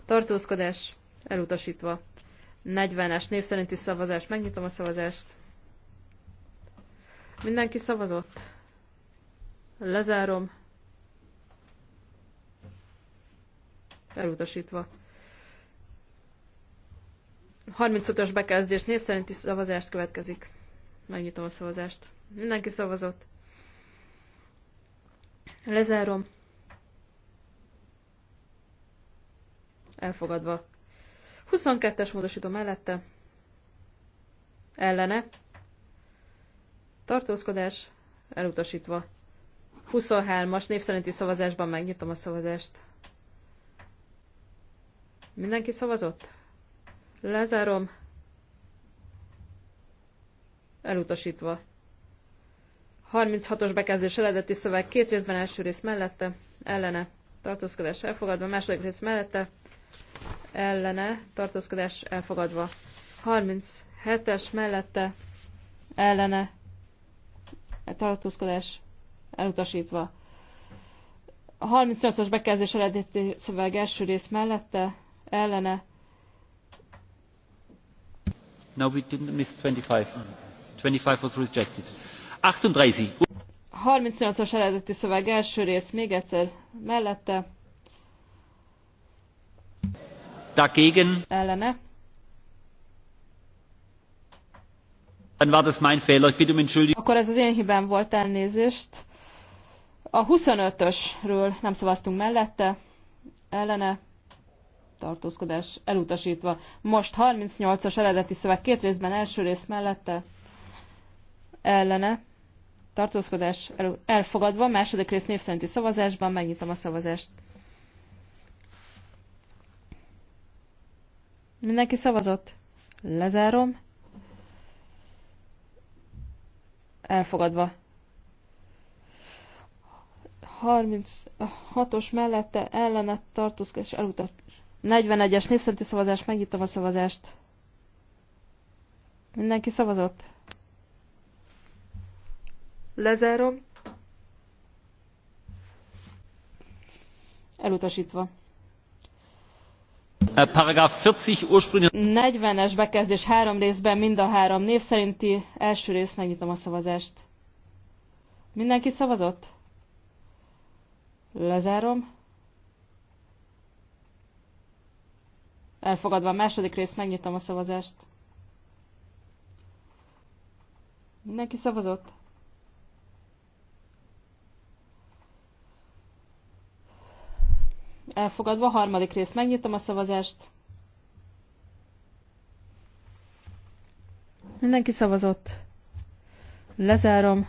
Speaker 2: tartózkodás elutasítva. 40-es név szerinti szavazás. Megnyitom a szavazást. Mindenki szavazott. Lezárom. Elutasítva. 35-ös bekezdés név szerinti szavazást következik. Megnyitom a szavazást. Mindenki szavazott. Lezárom. Elfogadva. 22-es módosító mellette. Ellene. Tartózkodás. Elutasítva. 23-as név szerinti szavazásban megnyitom a szavazást. Mindenki szavazott? Lezárom. Elutasítva. 36-os bekezdés eredeti szöveg két részben, első rész mellette, ellene, tartózkodás elfogadva, második rész mellette, ellene, tartózkodás elfogadva. 37-es mellette, ellene, tartózkodás elutasítva. 38-as bekezdés eredeti szöveg első rész mellette, ellene.
Speaker 3: No, we didn't miss 25. 25 was rejected. 38.
Speaker 2: 38-as eredeti szöveg első rész, még egyszer mellette.
Speaker 3: Dagegen. Ellene. Dann war das mein Fehler. Ich bitte um Entschuldigung.
Speaker 2: Akkor ez az én hibám volt, elnézést. A 25-ösről nem szavaztunk mellette, ellene, tartózkodás elutasítva. Most 38-as eredeti szöveg két részben, első rész mellette, ellene, tartózkodás elfogadva, második rész név szerinti szavazásban, megnyitom a szavazást. Mindenki szavazott? Lezárom. Elfogadva. 36-os mellette ellenet tartózkodás elutat. 41-es népszerinti szavazás, megnyitom a szavazást. Mindenki szavazott? Lezárom. Elutasítva.
Speaker 3: Paragraf 40
Speaker 2: 40-es bekezdés három részben mind a három név szerinti első rész megnyitom a szavazást. Mindenki szavazott? Lezárom. Elfogadva a második rész megnyitom a szavazást. Mindenki szavazott? elfogadva. Harmadik rész, megnyitom a szavazást. Mindenki szavazott. Lezárom.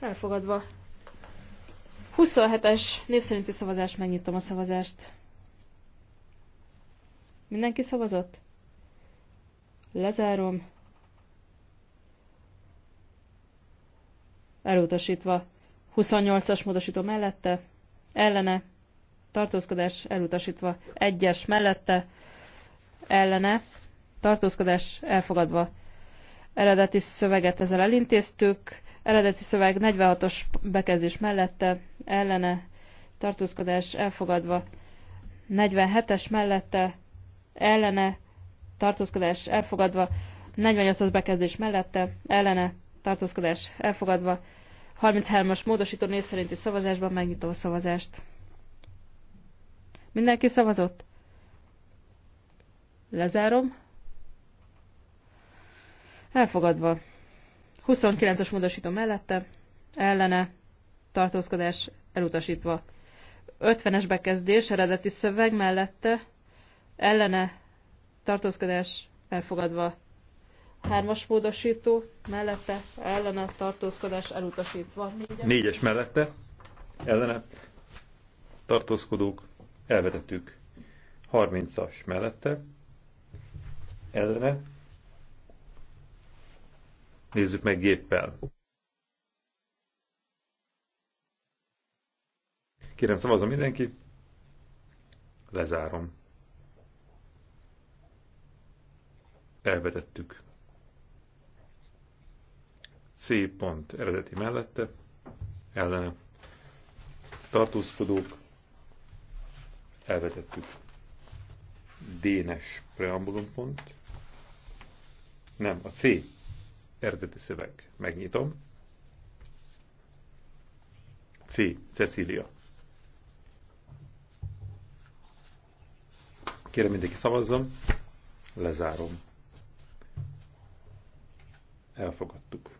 Speaker 2: Elfogadva. 27-es népszerinti szavazást, megnyitom a szavazást. Mindenki szavazott? Lezárom. Elutasítva. 28-as módosító mellette, ellene, tartózkodás elutasítva, 1-es mellette, ellene, tartózkodás elfogadva. Eredeti szöveget ezzel elintéztük, eredeti szöveg 46-os bekezdés mellette, ellene, tartózkodás elfogadva, 47-es mellette, ellene, tartózkodás elfogadva, 48-as bekezdés mellette, ellene, tartózkodás elfogadva, 33-as módosító név szerinti szavazásban megnyitom a szavazást. Mindenki szavazott? Lezárom. Elfogadva. 29-as módosító mellette, ellene, tartózkodás elutasítva. 50-es bekezdés, eredeti szöveg mellette, ellene, tartózkodás elfogadva. Hármas módosító mellette ellene tartózkodás elutasítva. Négyes, Négyes
Speaker 1: mellette ellene tartózkodók elvetettük. 30-as mellette ellene Nézzük meg géppel. Kérem, szavazom mindenki. Lezárom. Elvetettük. C pont eredeti mellette, ellene tartózkodók, elvetettük D-nes preambulum pont, nem, a C eredeti szöveg, megnyitom, C, Cecília. Kérem mindenki szavazzon, lezárom. Elfogadtuk.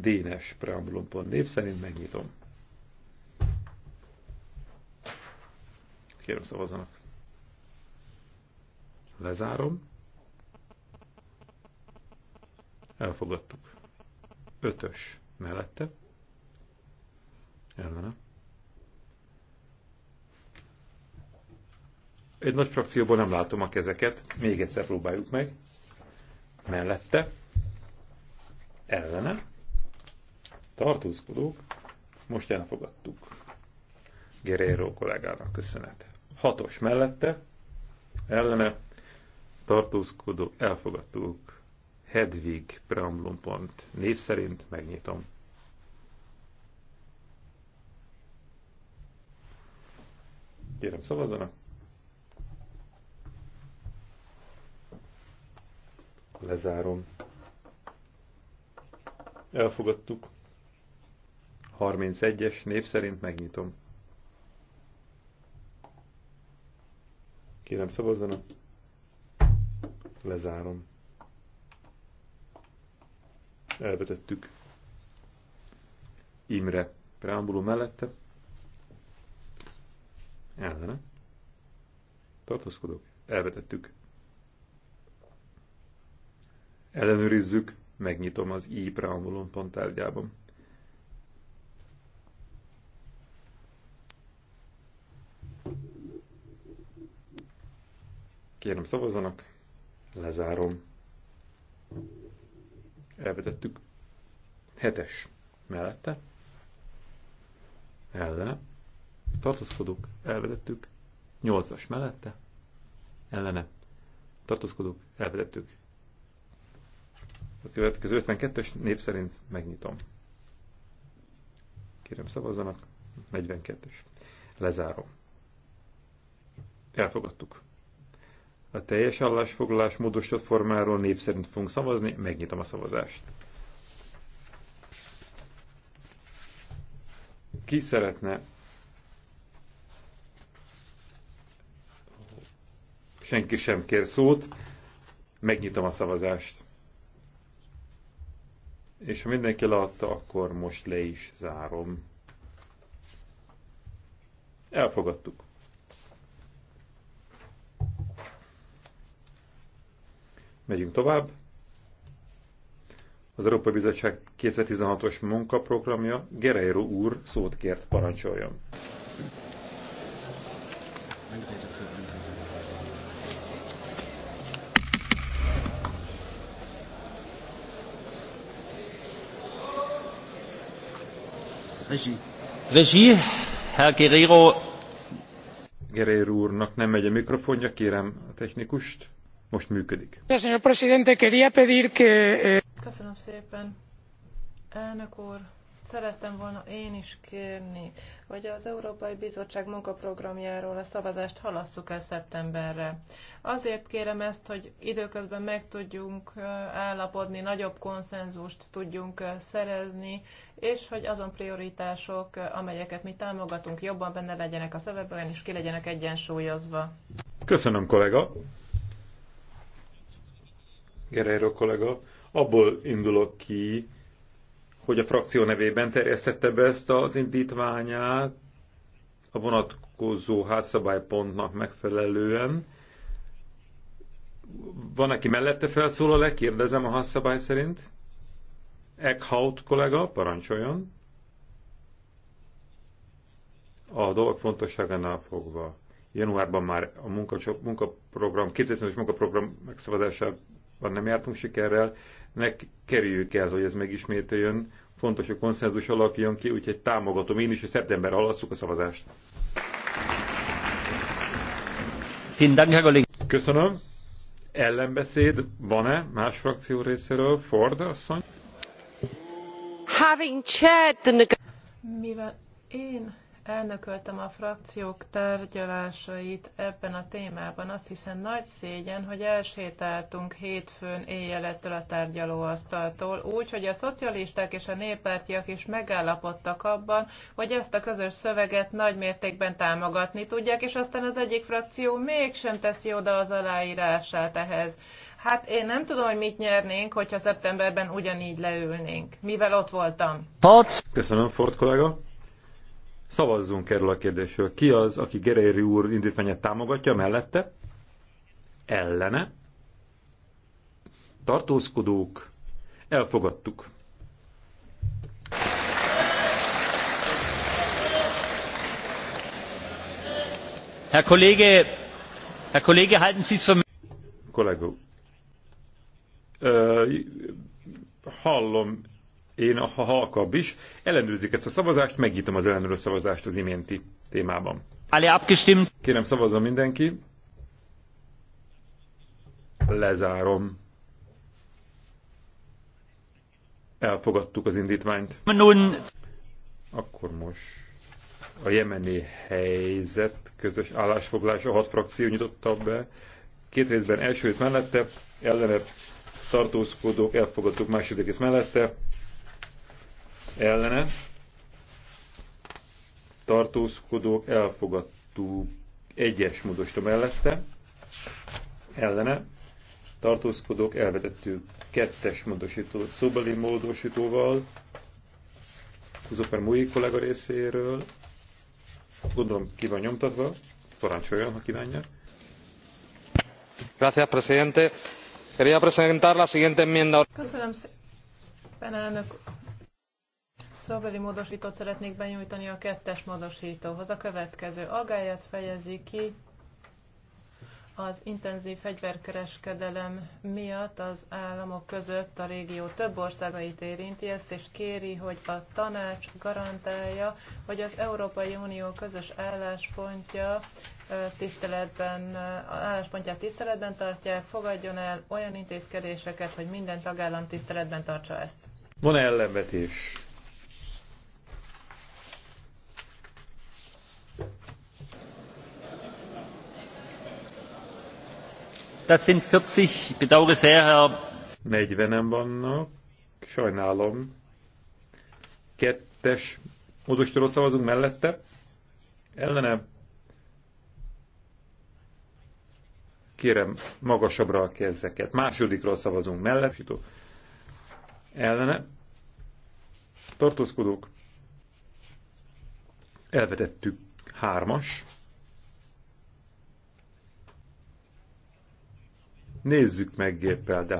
Speaker 1: Dénes preambulumpon név szerint megnyitom. Kérem szavazzanak. Lezárom. Elfogadtuk. Ötös mellette. Ellene. Egy nagy frakcióban nem látom a kezeket. Még egyszer próbáljuk meg. Mellette. Ellene tartózkodók, most elfogadtuk. Guerrero kollégának köszönet. Hatos mellette, ellene, tartózkodó, elfogadtuk. Hedvig preambulum pont. Név szerint megnyitom. Kérem szavazzanak. Lezárom. Elfogadtuk. 31-es név szerint megnyitom. Kérem szavazzanak. Lezárom. Elvetettük. Imre preambulum mellette. Ellene. Tartózkodok. Elvetettük. Ellenőrizzük. Megnyitom az i preambulum pont tárgyában. Kérem szavazzanak, lezárom. Elvetettük. Hetes mellette. ellen, Tartózkodók, elvetettük. Nyolcas mellette. Ellene. Tartózkodók, elvetettük. A következő 52-es név szerint megnyitom. Kérem szavazzanak. 42-es. Lezárom. Elfogadtuk. A teljes állásfoglalás módosított formáról név szerint fogunk szavazni, megnyitom a szavazást. Ki szeretne senki sem kér szót, megnyitom a szavazást. És ha mindenki leadta, akkor most le is zárom. Elfogadtuk. Megyünk tovább. Az Európai Bizottság 2016-os munkaprogramja Guerreiro úr szót kért parancsoljon. Regi, Regie, Herr Guerrero. Guerrero úrnak nem megy a mikrofonja, kérem a technikust most működik.
Speaker 4: Eh, Köszönöm szépen. Elnök úr, szerettem volna én is kérni, hogy az Európai Bizottság munkaprogramjáról a szavazást halasszuk el szeptemberre. Azért kérem ezt, hogy időközben meg tudjunk állapodni, nagyobb konszenzust tudjunk szerezni, és hogy azon prioritások, amelyeket mi támogatunk, jobban benne legyenek a szövegben, és ki legyenek egyensúlyozva.
Speaker 1: Köszönöm, kollega! Guerrero kollega, abból indulok ki, hogy a frakció nevében terjesztette be ezt az indítványát a vonatkozó házszabálypontnak megfelelően. Van, aki mellette felszólal -e? Kérdezem a házszabály szerint. Eckhout kollega, parancsoljon. A dolog fontosságánál fogva. Januárban már a munkaprogram, 2020 es munkaprogram megszavazására van nem jártunk sikerrel, ne kerüljük el, hogy ez megismételjön. Fontos, hogy konszenzus alakjon ki, úgyhogy támogatom én is, hogy szeptember alasszuk a szavazást. Köszönöm. Ellenbeszéd van-e más frakció részéről? Ford asszony? Having chaired the... Mivel én
Speaker 4: elnököltem a frakciók tárgyalásait ebben a témában. Azt hiszem nagy szégyen, hogy elsétáltunk hétfőn éjjel ettől a tárgyalóasztaltól, úgy, hogy a szocialisták és a néppártiak is megállapodtak abban, hogy ezt a közös szöveget nagy mértékben támogatni tudják, és aztán az egyik frakció mégsem teszi oda az aláírását ehhez. Hát én nem tudom, hogy mit nyernénk, hogyha szeptemberben ugyanígy leülnénk, mivel ott voltam.
Speaker 1: Hat. Köszönöm, Ford kollega. Szavazzunk erről a kérdésről. Ki az, aki Gereri úr indítványát támogatja mellette? Ellene? Tartózkodók? Elfogadtuk.
Speaker 3: Herr Kollege, Herr Kollege, halten Sie es
Speaker 1: für Kollega, hallom én, ha halkabb is, ellenőrzik ezt a szavazást, megnyitom az ellenőrző szavazást az iménti témában. Alle abgestimmt. Kérem, szavazzon mindenki. Lezárom. Elfogadtuk az indítványt. Nun. Akkor most a jemeni helyzet közös állásfoglalása hat frakció nyitotta be. Két részben első rész mellette, ellene tartózkodók elfogadtuk második rész mellette, ellene tartózkodók elfogadtuk egyes módosító mellette ellene tartózkodók elvetettük kettes módosító szóbeli módosítóval Kuzoper Mui kollega részéről gondolom ki van nyomtatva parancsoljon, ha kívánja Gracias, presidente. Quería presentar la siguiente enmienda.
Speaker 4: Köszönöm szépen, elnök Szóbeli módosítót szeretnék benyújtani a kettes módosítóhoz. A következő agályát fejezi ki az intenzív fegyverkereskedelem miatt az államok között a régió több országait érinti ezt, és kéri, hogy a tanács garantálja, hogy az Európai Unió közös álláspontja tiszteletben, álláspontját tiszteletben tartják, fogadjon el olyan intézkedéseket, hogy minden tagállam tiszteletben tartsa ezt.
Speaker 1: Van -e ellenvetés? Das sind 40, ich bedauere sehr, Herr. 40-en vannak, sajnálom. Kettes módosítóra szavazunk mellette. Ellene kérem magasabbra a kezeket. Másodikról szavazunk mellett. Ellene tartózkodók. Elvetettük hármas. Nézzük meg géppel, de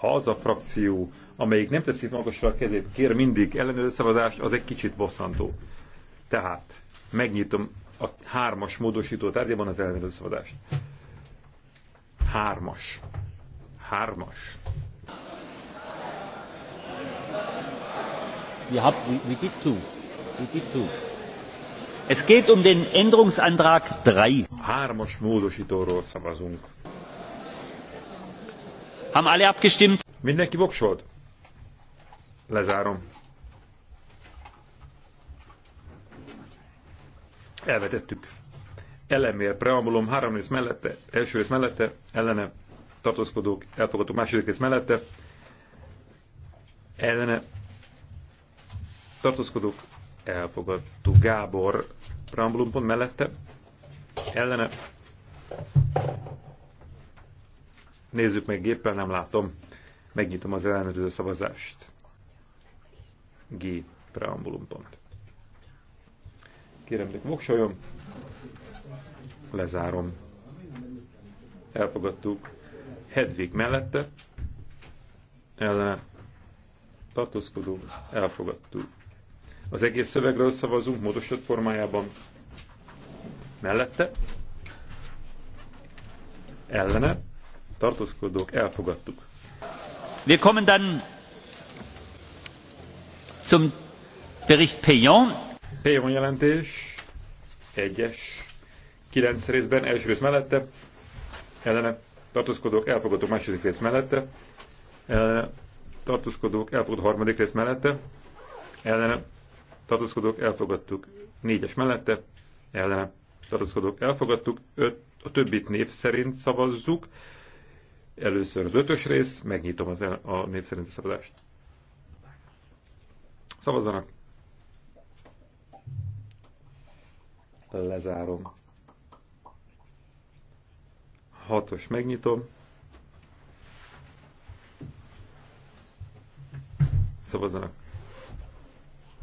Speaker 1: ha az a frakció, amelyik nem teszi magasra a kezét, kér mindig ellenőrző szavazást, az egy kicsit bosszantó. Tehát megnyitom a hármas módosító tárgyában az ellenőrző szavazást. Hármas. Hármas.
Speaker 3: Wir, hab, we, we did two. We did two. Es geht um den Änderungsantrag 3. Hármas módosítóról szavazunk.
Speaker 1: Haben alle abgestimmt? Mindenki voksolt? Lezárom. Elvetettük. Elemér, preambulum, három rész mellette, első rész mellette, ellene, tartózkodók, elfogadók, második rész mellette, ellene, tartózkodók, elfogadtuk. Gábor, preambulum pont mellette, ellene, Nézzük meg géppel, nem látom. Megnyitom az ellenőrző szavazást. G. Preambulum pont. Kérem, hogy voksoljon. Lezárom. Elfogadtuk. Hedvig mellette. Ellen. Tartózkodó. Elfogadtuk. Az egész szövegről szavazunk módosított formájában. Mellette. Ellene tartózkodók, elfogadtuk.
Speaker 3: Wir kommen dann zum Bericht Peyon.
Speaker 1: Peyon jelentés, egyes, kilenc részben, első rész mellette, ellene tartózkodók, elfogadtuk második rész mellette, ellene tartózkodók, elfogadtuk harmadik rész mellette, ellene tartózkodók, elfogadtuk négyes mellette, ellene tartózkodók, elfogadtuk öt, a többit név szerint szavazzuk, Először az ötös rész, megnyitom az el, a népszerinti szavazást. Szavazzanak! Lezárom. Hatos megnyitom. Szavazzanak.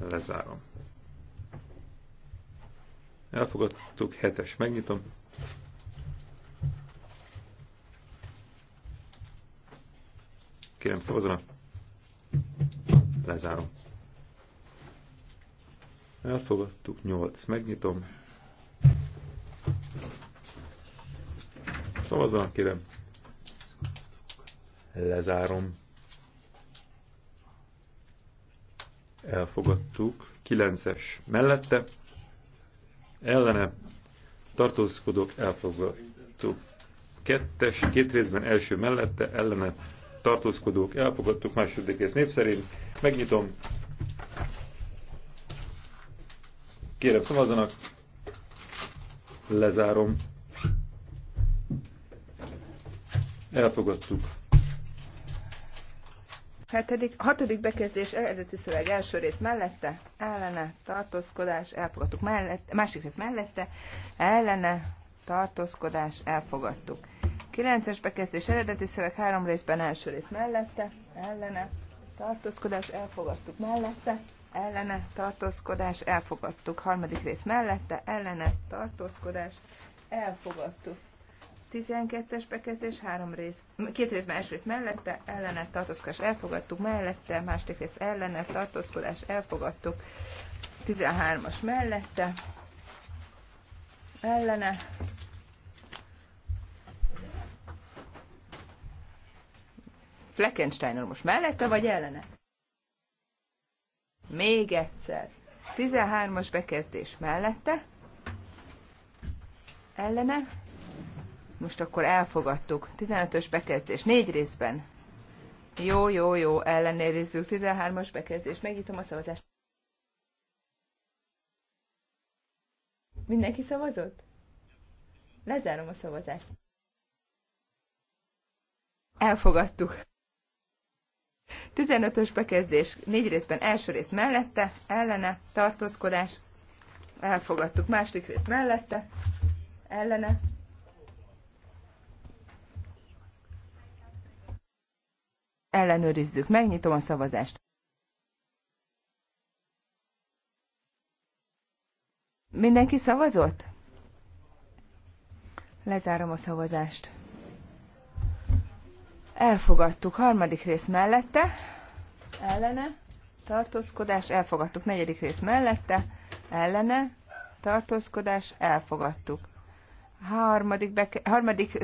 Speaker 1: Lezárom. Elfogadtuk, hetes megnyitom. kérem szavazanak. Lezárom. Elfogadtuk, 8. Megnyitom. Szavazzanak, kérem. Lezárom. Elfogadtuk. 9-es mellette. Ellene. Tartózkodók elfogadtuk. Kettes, két részben első mellette, ellene tartózkodók, elfogadtuk második rész név szerint. Megnyitom. Kérem szavazzanak. Lezárom. Elfogadtuk.
Speaker 5: Hetedik, hatodik bekezdés eredeti szöveg első rész mellette, ellene, tartózkodás, elfogadtuk mellette, másik rész mellette, ellene, tartózkodás, elfogadtuk. 9-es bekezdés eredeti szöveg három részben első rész mellette, ellene, tartózkodás, elfogadtuk mellette, ellene, tartózkodás, elfogadtuk. Harmadik rész mellette, ellene, tartózkodás, elfogadtuk. 12-es bekezdés, három rész, két részben első rész mellette, ellene, tartózkodás, elfogadtuk, mellette, második rész ellene, tartózkodás, elfogadtuk. 13-as mellette, ellene, Fleckensteiner most mellette vagy ellene? Még egyszer. 13-as bekezdés mellette. Ellene. Most akkor elfogadtuk. 15-ös bekezdés. Négy részben. Jó, jó, jó, ellenérizzük. 13-as bekezdés. Megítom a szavazást. Mindenki szavazott? Lezárom a szavazást. Elfogadtuk. 15-ös bekezdés négy részben első rész mellette, ellene, tartózkodás, elfogadtuk. Második rész mellette, ellene. Ellenőrizzük. Megnyitom a szavazást. Mindenki szavazott? Lezárom a szavazást elfogadtuk. Harmadik rész mellette, ellene, tartózkodás, elfogadtuk. Negyedik rész mellette, ellene, tartózkodás, elfogadtuk. Harmadik, beke, harmadik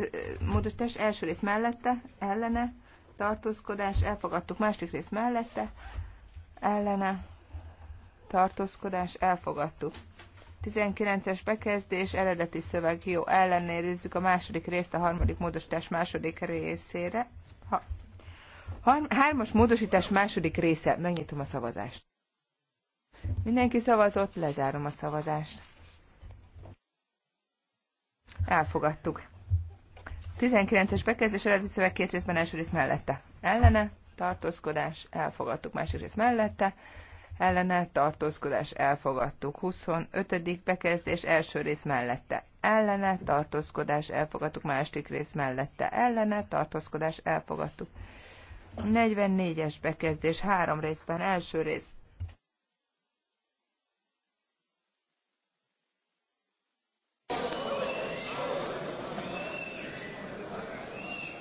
Speaker 5: módosítás első rész mellette, ellene, tartózkodás, elfogadtuk. Második rész mellette, ellene, tartózkodás, elfogadtuk. 19-es bekezdés, eredeti szöveg, jó, ellenőrizzük a második részt a harmadik módosítás második részére. Ha, hármas módosítás második része. Megnyitom a szavazást. Mindenki szavazott, lezárom a szavazást. Elfogadtuk. 19-es bekezdés eredeti szöveg két részben első rész mellette. Ellene, tartózkodás, elfogadtuk másik rész mellette ellene tartózkodás elfogadtuk. 25. bekezdés első rész mellette ellene tartózkodás elfogadtuk, második rész mellette ellene tartózkodás elfogadtuk. 44-es bekezdés három részben első rész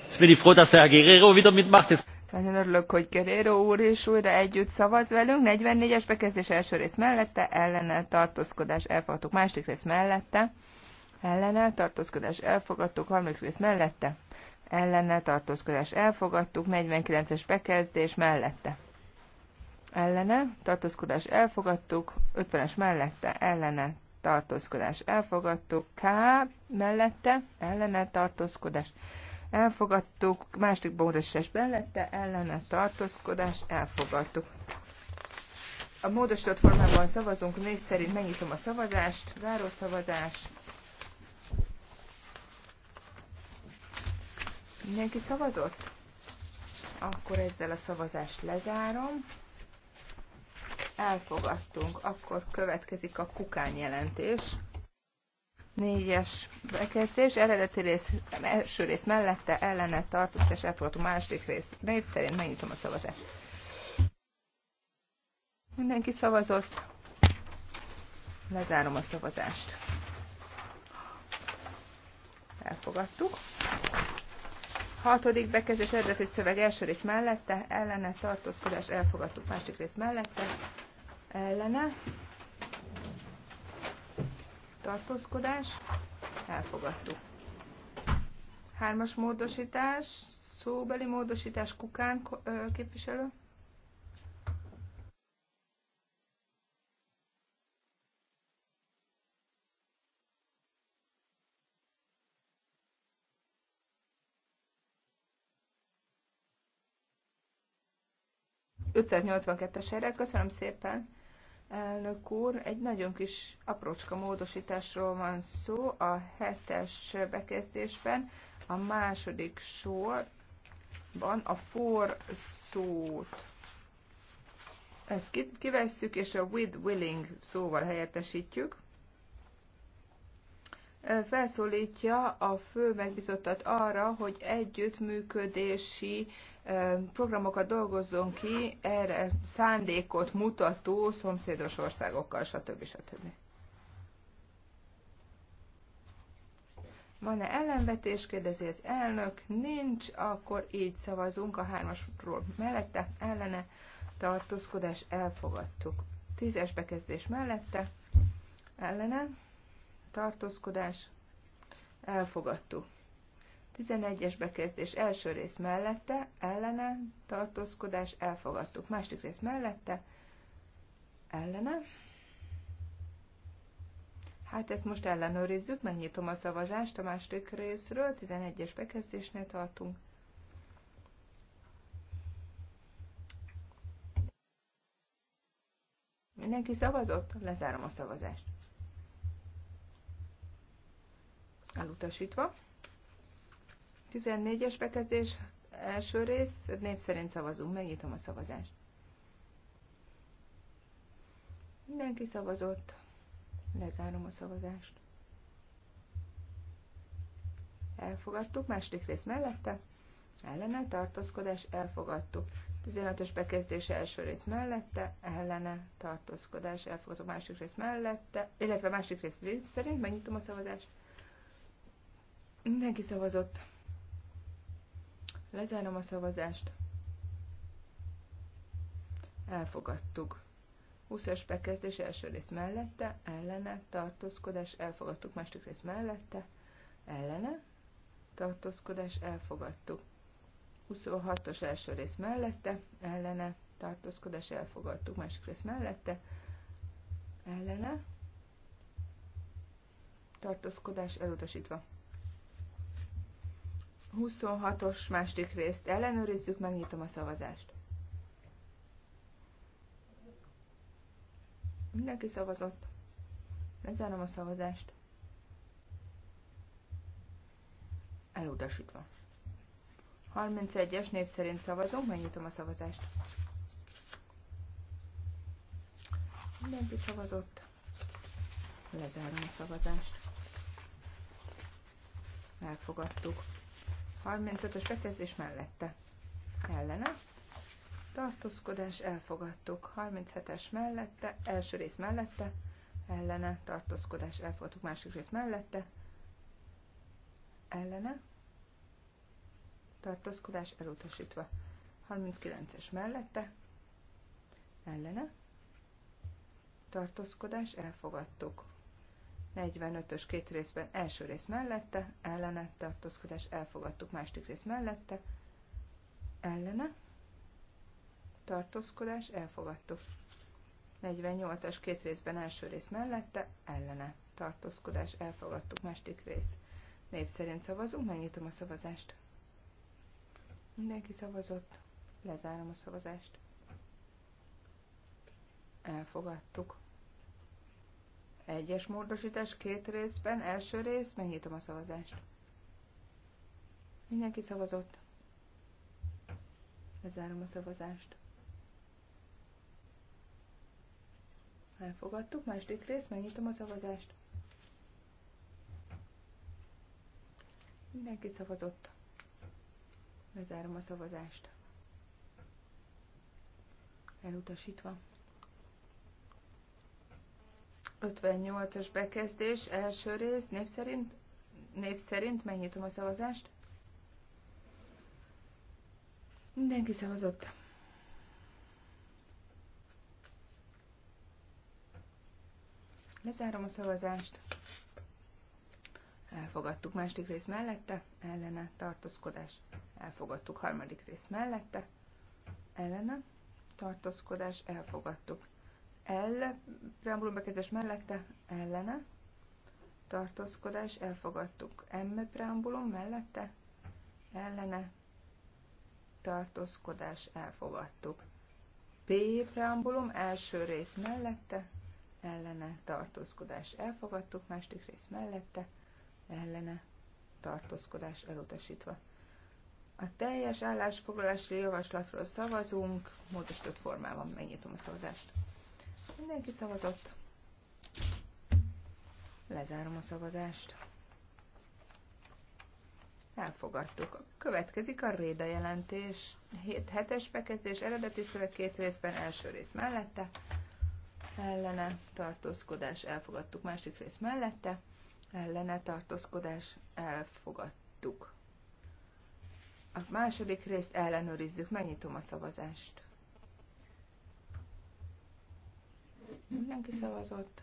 Speaker 3: Jetzt bin ich froh, dass der Herr Guerrero wieder mitmacht.
Speaker 5: Nagyon örülök, hogy Guerrero úr is újra együtt szavaz velünk. 44-es bekezdés első rész mellette, ellene tartózkodás elfogadtuk. Második rész mellette, ellene tartózkodás elfogadtuk. Harmadik rész mellette, ellene tartózkodás elfogadtuk. 49-es bekezdés mellette ellene, tartózkodás elfogadtuk, 50-es mellette ellene, tartózkodás elfogadtuk, K mellette ellene, tartózkodás elfogadtuk, második módosítás mellette, ellene tartózkodás, elfogadtuk. A módosított formában szavazunk, név szerint megnyitom a szavazást, záró szavazás. Mindenki szavazott? Akkor ezzel a szavazást lezárom. Elfogadtunk, akkor következik a kukán jelentés. Négyes bekezdés, eredeti rész, első rész mellette, ellene, tartózkodás, elfogadó második rész. Név szerint megnyitom a szavazást. Mindenki szavazott. Lezárom a szavazást. Elfogadtuk. Hatodik bekezdés eredeti szöveg első rész mellette, ellene, tartózkodás, elfogadtuk másik rész mellette, ellene, tartózkodás, elfogadtuk. Hármas módosítás, szóbeli módosítás, Kukán képviselő. Ötszáznyolcvankettes helyre, köszönöm szépen elnök úr. Egy nagyon kis aprócska módosításról van szó a hetes bekezdésben. A második sorban a for szót. Ezt kivesszük, és a with willing szóval helyettesítjük felszólítja a fő megbizottat arra, hogy együttműködési programokat dolgozzon ki, erre szándékot mutató szomszédos országokkal, stb. stb. Van-e ellenvetés, kérdezi az elnök, nincs, akkor így szavazunk a hármasról mellette, ellene, tartózkodás, elfogadtuk. Tízes bekezdés mellette, ellene, tartózkodás, elfogadtuk. 11-es bekezdés első rész mellette, ellene, tartózkodás, elfogadtuk. Második rész mellette, ellene. Hát ezt most ellenőrizzük, megnyitom a szavazást a második részről, 11-es bekezdésnél tartunk. Mindenki szavazott? Lezárom a szavazást. elutasítva. 14-es bekezdés első rész, név szerint szavazunk, megnyitom a szavazást. Mindenki szavazott, lezárom a szavazást. Elfogadtuk, második rész mellette, ellene, tartózkodás, elfogadtuk. 15-ös bekezdése első rész mellette, ellene, tartózkodás, elfogadtuk második rész mellette, illetve második rész szerint megnyitom a szavazást. Mindenki szavazott. Lezárom a szavazást. Elfogadtuk. 20-as bekezdés első rész mellette, ellene, tartózkodás, elfogadtuk. Második rész mellette, ellene, tartózkodás, elfogadtuk. 26-os első rész mellette, ellene, tartózkodás, elfogadtuk. Másik rész mellette, ellene, tartózkodás, elutasítva. 26-os második részt ellenőrizzük, megnyitom a szavazást. Mindenki szavazott. Lezárom a szavazást. Elutasítva. 31-es név szerint szavazunk, megnyitom a szavazást. Mindenki szavazott. Lezárom a szavazást. Elfogadtuk. 35-ös befejezés mellette. Ellene. Tartózkodás elfogadtuk. 37-es mellette. Első rész mellette. Ellene. Tartózkodás elfogadtuk. Másik rész mellette. Ellene. Tartózkodás elutasítva. 39-es mellette. Ellene. Tartózkodás elfogadtuk. 45-ös két részben első rész mellette, ellene, tartózkodás, elfogadtuk második rész mellette, ellene, tartózkodás, elfogadtuk. 48-as két részben első rész mellette, ellene, tartózkodás, elfogadtuk második rész. Név szerint szavazunk, megnyitom a szavazást. Mindenki szavazott, lezárom a szavazást. Elfogadtuk. Egyes módosítás két részben, első rész, megnyitom a szavazást. Mindenki szavazott. Lezárom a szavazást. Elfogadtuk, második rész, megnyitom a szavazást. Mindenki szavazott. Lezárom a szavazást. Elutasítva. 58-as bekezdés, első rész, név szerint, név szerint megnyitom a szavazást. Mindenki szavazott. Lezárom a szavazást. Elfogadtuk második rész mellette, ellene tartózkodás. Elfogadtuk harmadik rész mellette, ellene tartózkodás. Elfogadtuk el preambulum bekezdés mellette, ellene, tartózkodás, elfogadtuk. M preambulum mellette, ellene, tartózkodás, elfogadtuk. P preambulum első rész mellette, ellene, tartózkodás, elfogadtuk. Második rész mellette, ellene, tartózkodás, elutasítva. A teljes állásfoglalási javaslatról szavazunk, módosított formában megnyitom a szavazást. Mindenki szavazott. Lezárom a szavazást. Elfogadtuk. Következik a Réda jelentés. 7 hetes bekezdés, eredeti szöveg két részben, első rész mellette, ellene, tartózkodás, elfogadtuk, másik rész mellette, ellene, tartózkodás, elfogadtuk. A második részt ellenőrizzük, megnyitom a szavazást. Mindenki szavazott.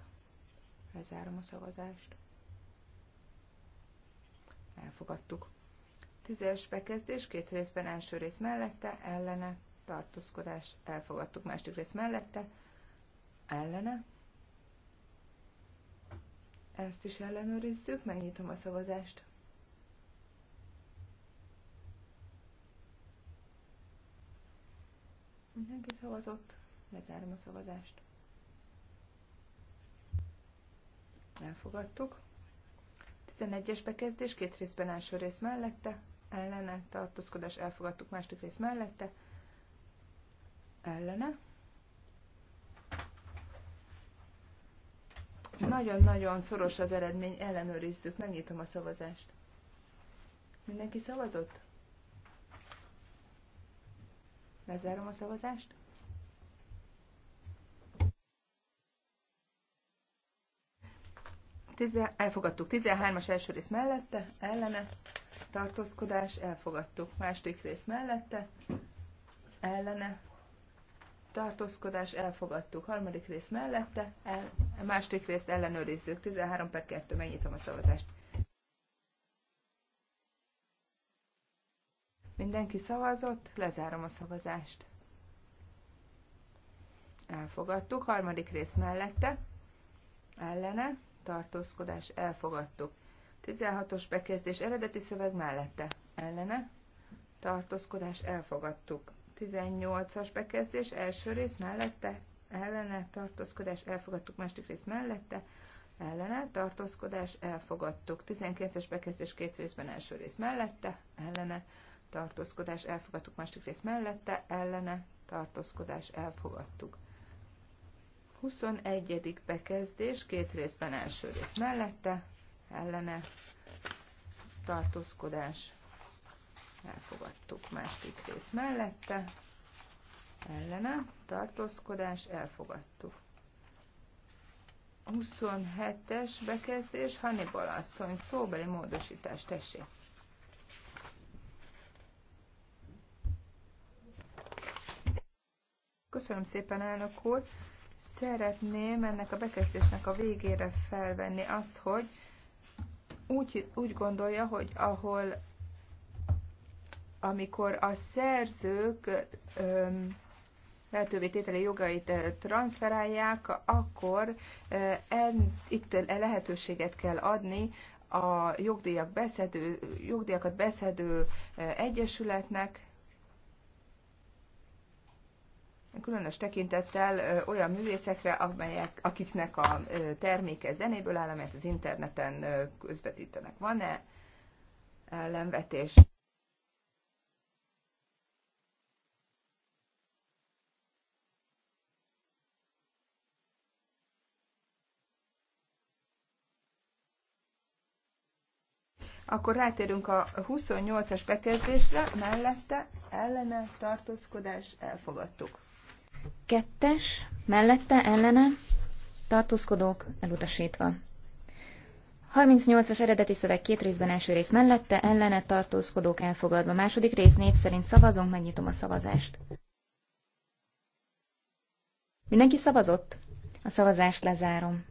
Speaker 5: Lezárom a szavazást. Elfogadtuk. Tízes bekezdés, két részben első rész mellette, ellene, tartózkodás, elfogadtuk másik rész mellette, ellene. Ezt is ellenőrizzük, megnyitom a szavazást. Mindenki szavazott, lezárom a szavazást. elfogadtuk. 11-es bekezdés, két részben első rész mellette, ellene, tartózkodás, elfogadtuk második rész mellette, ellene. Nagyon-nagyon szoros az eredmény, ellenőrizzük, megnyitom a szavazást. Mindenki szavazott? Lezárom a szavazást. elfogadtuk 13-as első rész mellette, ellene, tartózkodás, elfogadtuk. Második rész mellette, ellene, tartózkodás, elfogadtuk. Harmadik rész mellette, el, második részt ellenőrizzük. 13 per 2, megnyitom a szavazást. Mindenki szavazott, lezárom a szavazást. Elfogadtuk, harmadik rész mellette, ellene, tartózkodás elfogadtuk. 16-os bekezdés eredeti szöveg mellette ellene tartózkodás elfogadtuk. 18-as bekezdés első rész mellette ellene tartózkodás elfogadtuk, második rész mellette ellene tartózkodás elfogadtuk. 19-es bekezdés két részben első rész mellette ellene tartózkodás elfogadtuk, második rész mellette ellene tartózkodás elfogadtuk. 21. bekezdés, két részben első rész mellette, ellene, tartózkodás, elfogadtuk másik rész mellette, ellene, tartózkodás, elfogadtuk. 27-es bekezdés, Hannibal asszony, szóbeli módosítás, tessék. Köszönöm szépen, elnök úr szeretném ennek a bekezdésnek a végére felvenni azt, hogy úgy, úgy gondolja, hogy ahol amikor a szerzők öm, lehetővé tételi jogait transferálják, akkor en, itt lehetőséget kell adni a jogdíjak beszedő, jogdíjakat beszedő egyesületnek, különös tekintettel olyan művészekre, amelyek, akiknek a terméke zenéből áll, amelyet az interneten közvetítenek. Van-e ellenvetés? Akkor rátérünk a 28-as bekezdésre, mellette ellene tartózkodás elfogadtuk.
Speaker 6: Kettes, mellette, ellene, tartózkodók, elutasítva. 38-as eredeti szöveg két részben első rész mellette, ellene tartózkodók elfogadva. Második rész név szerint szavazunk, megnyitom a szavazást. Mindenki szavazott? A szavazást lezárom.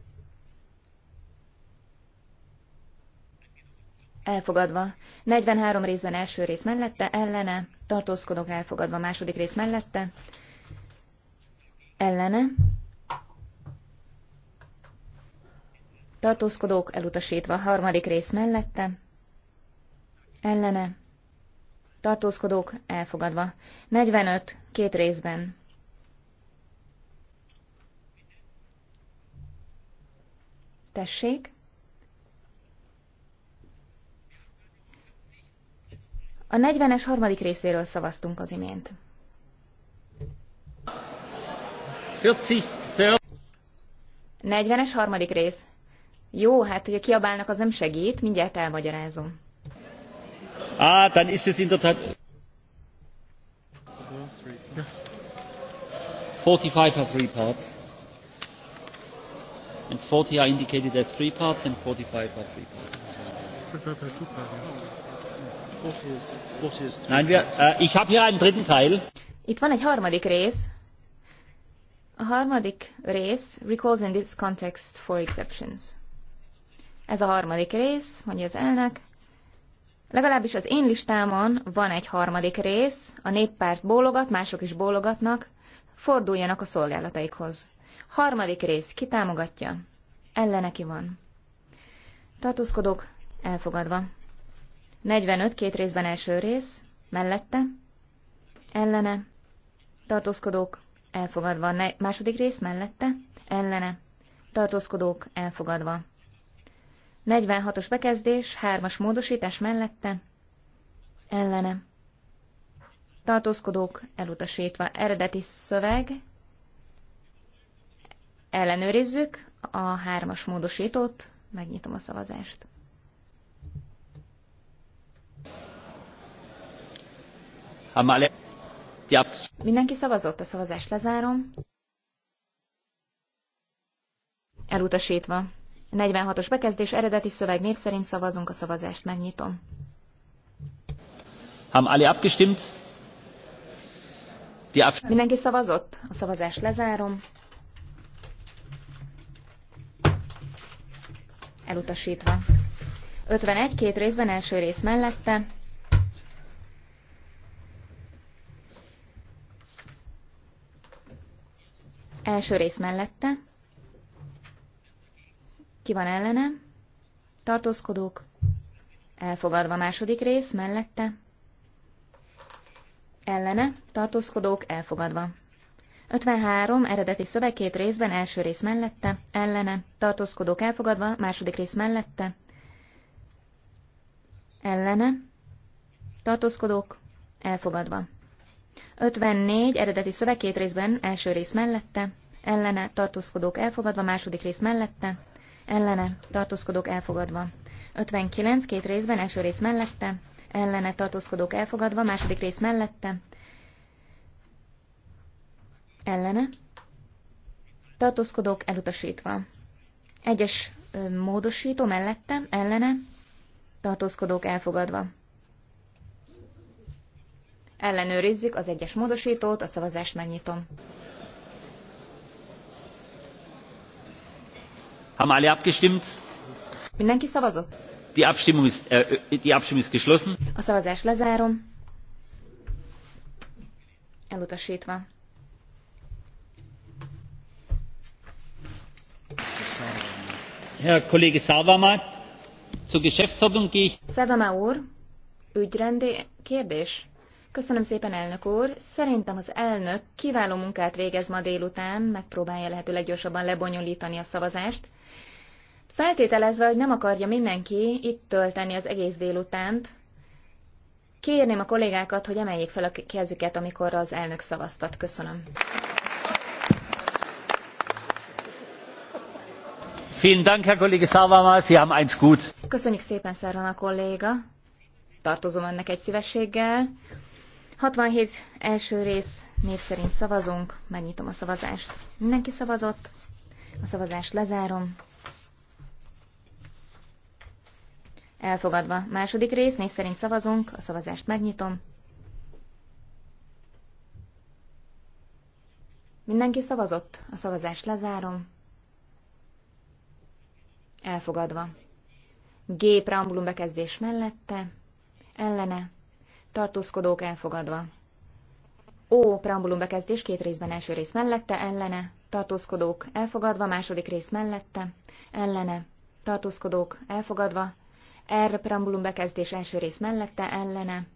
Speaker 6: Elfogadva. 43 részben első rész mellette, ellene, tartózkodok elfogadva. Második rész mellette, ellene, tartózkodók elutasítva, harmadik rész mellette, ellene, tartózkodók elfogadva, 45, két részben. Tessék! A 40-es harmadik részéről szavaztunk az imént. 40-es harmadik rész. Jó, hát hogy a kiabálnak az nem segít, mindjárt elmagyarázom.
Speaker 3: Á, dann ist es in der Tat... 45 are three parts. And 40 are indicated as three parts and 45 are three parts. parts. Nein, wir, äh, ich habe hier einen dritten Teil.
Speaker 6: Itt van egy harmadik rész. A harmadik rész, recalls in this context for exceptions. Ez a harmadik rész, mondja az elnök. Legalábbis az én listámon van egy harmadik rész, a néppárt bólogat, mások is bólogatnak, forduljanak a szolgálataikhoz. Harmadik rész, ki támogatja? Ellene ki van. Tartózkodok, elfogadva. 45, két részben első rész, mellette, ellene, tartózkodók, elfogadva. a második rész mellette, ellene, tartózkodók elfogadva. 46-os bekezdés, 3-as módosítás mellette, ellene. Tartózkodók elutasítva. Eredeti szöveg. Ellenőrizzük a 3-as módosítót, megnyitom a szavazást. Amale. Mindenki szavazott, a szavazást lezárom. Elutasítva. 46-os bekezdés, eredeti szöveg név szerint szavazunk, a szavazást megnyitom.
Speaker 3: Haben alle abgestimmt? Die Abst Mindenki
Speaker 6: szavazott, a szavazást lezárom. Elutasítva. 51 két részben első rész mellette, Első rész mellette. Ki van ellene? Tartózkodók. Elfogadva második rész mellette. Ellene. Tartózkodók elfogadva. 53. Eredeti szöveg két részben, első rész mellette, ellene, tartózkodók elfogadva, második rész mellette, ellene, tartózkodók elfogadva. 54. Eredeti szöveg két részben, első rész mellette, ellene tartózkodók elfogadva, második rész mellette, ellene tartózkodók elfogadva. 59 két részben, első rész mellette, ellene tartózkodók elfogadva, második rész mellette, ellene tartózkodók elutasítva. Egyes módosító mellette, ellene tartózkodók elfogadva. Ellenőrizzük az egyes módosítót, a szavazást megnyitom.
Speaker 3: Haben alle abgestimmt?
Speaker 6: Mindenki szavazott?
Speaker 3: Die Abstimmung ist, äh, äh die Abstimmung ist geschlossen.
Speaker 6: A szavazás lezárom. Elutasítva.
Speaker 3: Herr Kollege Savama, zur Geschäftsordnung gehe ich.
Speaker 6: Savama úr, ügyrendi kérdés. Köszönöm szépen, elnök úr. Szerintem az elnök kiváló munkát végez ma délután, megpróbálja lehetőleg gyorsabban lebonyolítani a szavazást. Feltételezve, hogy nem akarja mindenki itt tölteni az egész délutánt, kérném a kollégákat, hogy emeljék fel a kezüket, amikor az elnök szavaztat. Köszönöm. Köszönjük szépen, a kolléga. Tartozom önnek egy szívességgel. 67 első rész név szerint szavazunk. Megnyitom a szavazást. Mindenki szavazott. A szavazást lezárom. Elfogadva. Második rész, név szerint szavazunk, a szavazást megnyitom. Mindenki szavazott, a szavazást lezárom. Elfogadva. G. Preambulum bekezdés mellette, ellene, tartózkodók elfogadva. O. Preambulum bekezdés két részben első rész mellette, ellene, tartózkodók elfogadva, második rész mellette, ellene, tartózkodók elfogadva, R, preambulum bekezdés első rész mellette, ellene,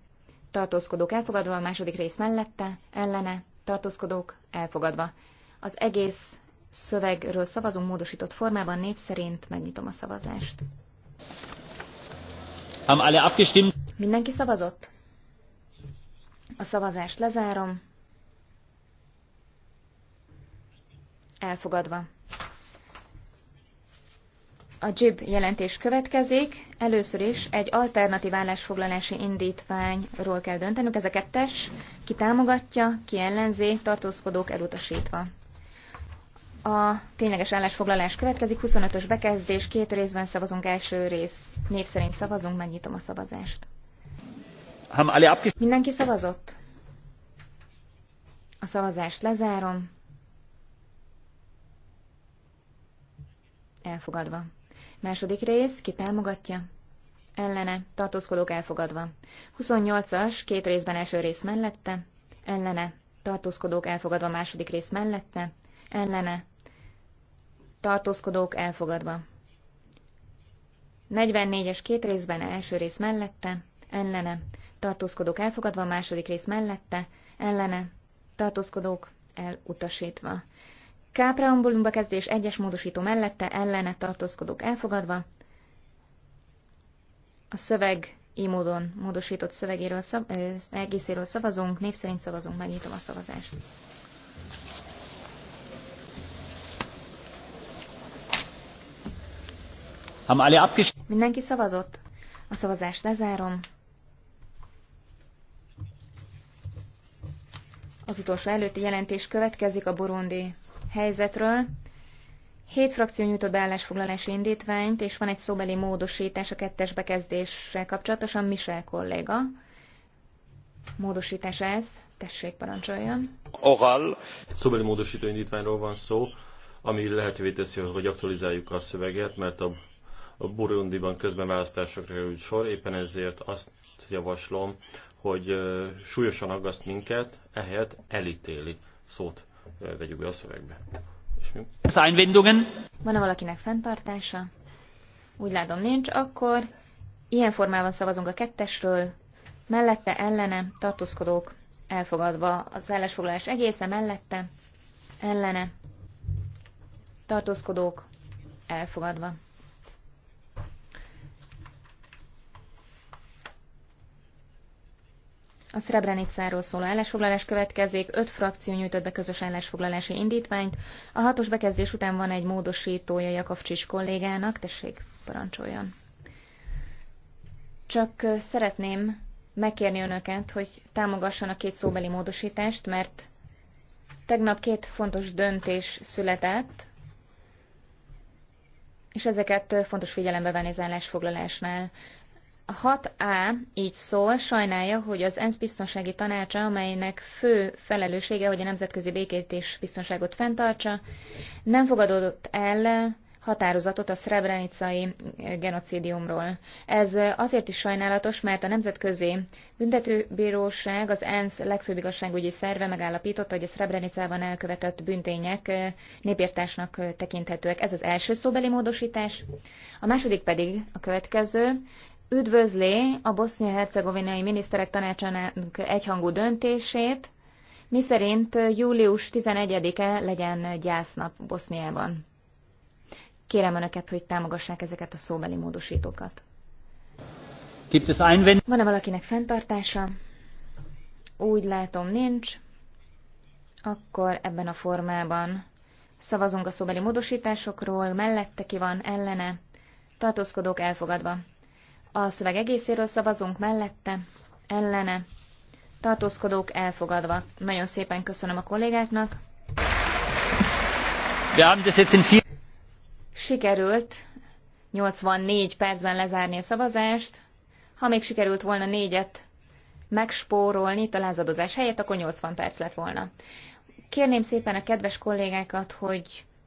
Speaker 6: tartózkodók elfogadva, a második rész mellette, ellene, tartózkodók elfogadva. Az egész szövegről szavazunk módosított formában név szerint megnyitom a szavazást. Mindenki szavazott? A szavazást lezárom. Elfogadva. A JIB jelentés következik. Először is egy alternatív állásfoglalási indítványról kell döntenünk. Ez a kettes. Ki támogatja, ki ellenzi, tartózkodók elutasítva. A tényleges állásfoglalás következik. 25-ös bekezdés. Két részben szavazunk. Első rész. Név szerint szavazunk. Megnyitom a szavazást.
Speaker 3: Mindenki szavazott?
Speaker 6: A szavazást lezárom. Elfogadva. Második rész, ki támogatja? Ellene, tartózkodók elfogadva. 28-as, két részben első rész mellette. Ellene, tartózkodók elfogadva második rész mellette. Ellene, tartózkodók elfogadva. 44-es két részben első rész mellette. Ellene, tartózkodók elfogadva második rész mellette. Ellene, tartózkodók elutasítva. K. kezdés egyes módosító mellette ellene tartózkodók elfogadva. A szöveg így módon módosított szövegéről szab, ö, egészéről szavazunk, név szerint szavazunk, megnyitom a szavazást. Mindenki szavazott? A szavazást lezárom. Az utolsó előtti jelentés következik a Burundi helyzetről. Hét frakció nyújtott be állásfoglalási indítványt, és van egy szóbeli módosítás a kettes bekezdéssel kapcsolatosan Michel kolléga. Módosítás ez, tessék parancsoljon.
Speaker 1: Oral. Szóbeli módosító indítványról van szó, ami lehetővé teszi, hogy aktualizáljuk a szöveget, mert a, a Burundiban közben választásokra került sor, éppen ezért azt javaslom, hogy súlyosan aggaszt minket, ehelyett elítéli szót vegyük be a szövegbe.
Speaker 3: Szájnvindungen?
Speaker 6: Van-e valakinek fenntartása? Úgy látom nincs, akkor ilyen formában szavazunk a kettesről, mellette, ellene, tartózkodók, elfogadva az állásfoglalás egészen mellette, ellene, tartózkodók, elfogadva. A Srebrenicáról szóló állásfoglalás következik, öt frakció nyújtott be közös állásfoglalási indítványt. A hatos bekezdés után van egy módosítója Jakovcsis kollégának, tessék, parancsoljon. Csak szeretném megkérni önöket, hogy támogassanak két szóbeli módosítást, mert tegnap két fontos döntés született, és ezeket fontos figyelembe venni az állásfoglalásnál. 6A így szól, sajnálja, hogy az ENSZ biztonsági tanácsa, amelynek fő felelőssége, hogy a nemzetközi békét és biztonságot fenntartsa, nem fogadott el határozatot a szrebrenicai genocidiumról. Ez azért is sajnálatos, mert a Nemzetközi Büntetőbíróság, az ENSZ legfőbb igazságügyi szerve megállapította, hogy a Szrebrenicában elkövetett büntények népértásnak tekinthetőek. Ez az első szóbeli módosítás. A második pedig a következő üdvözli a bosznia-hercegovinai miniszterek tanácsának egyhangú döntését, miszerint július 11-e legyen gyásznap Boszniában. Kérem Önöket, hogy támogassák ezeket a szóbeli módosítókat. Van-e valakinek fenntartása? Úgy látom, nincs. Akkor ebben a formában szavazunk a szóbeli módosításokról, mellette ki van, ellene, tartózkodók elfogadva. A szöveg egészéről szavazunk mellette, ellene, tartózkodók elfogadva. Nagyon szépen köszönöm a kollégáknak. Sikerült 84 percben lezárni a szavazást. Ha még sikerült volna négyet megspórolni a lázadozás helyett, akkor 80 perc lett volna. Kérném szépen a kedves kollégákat, hogy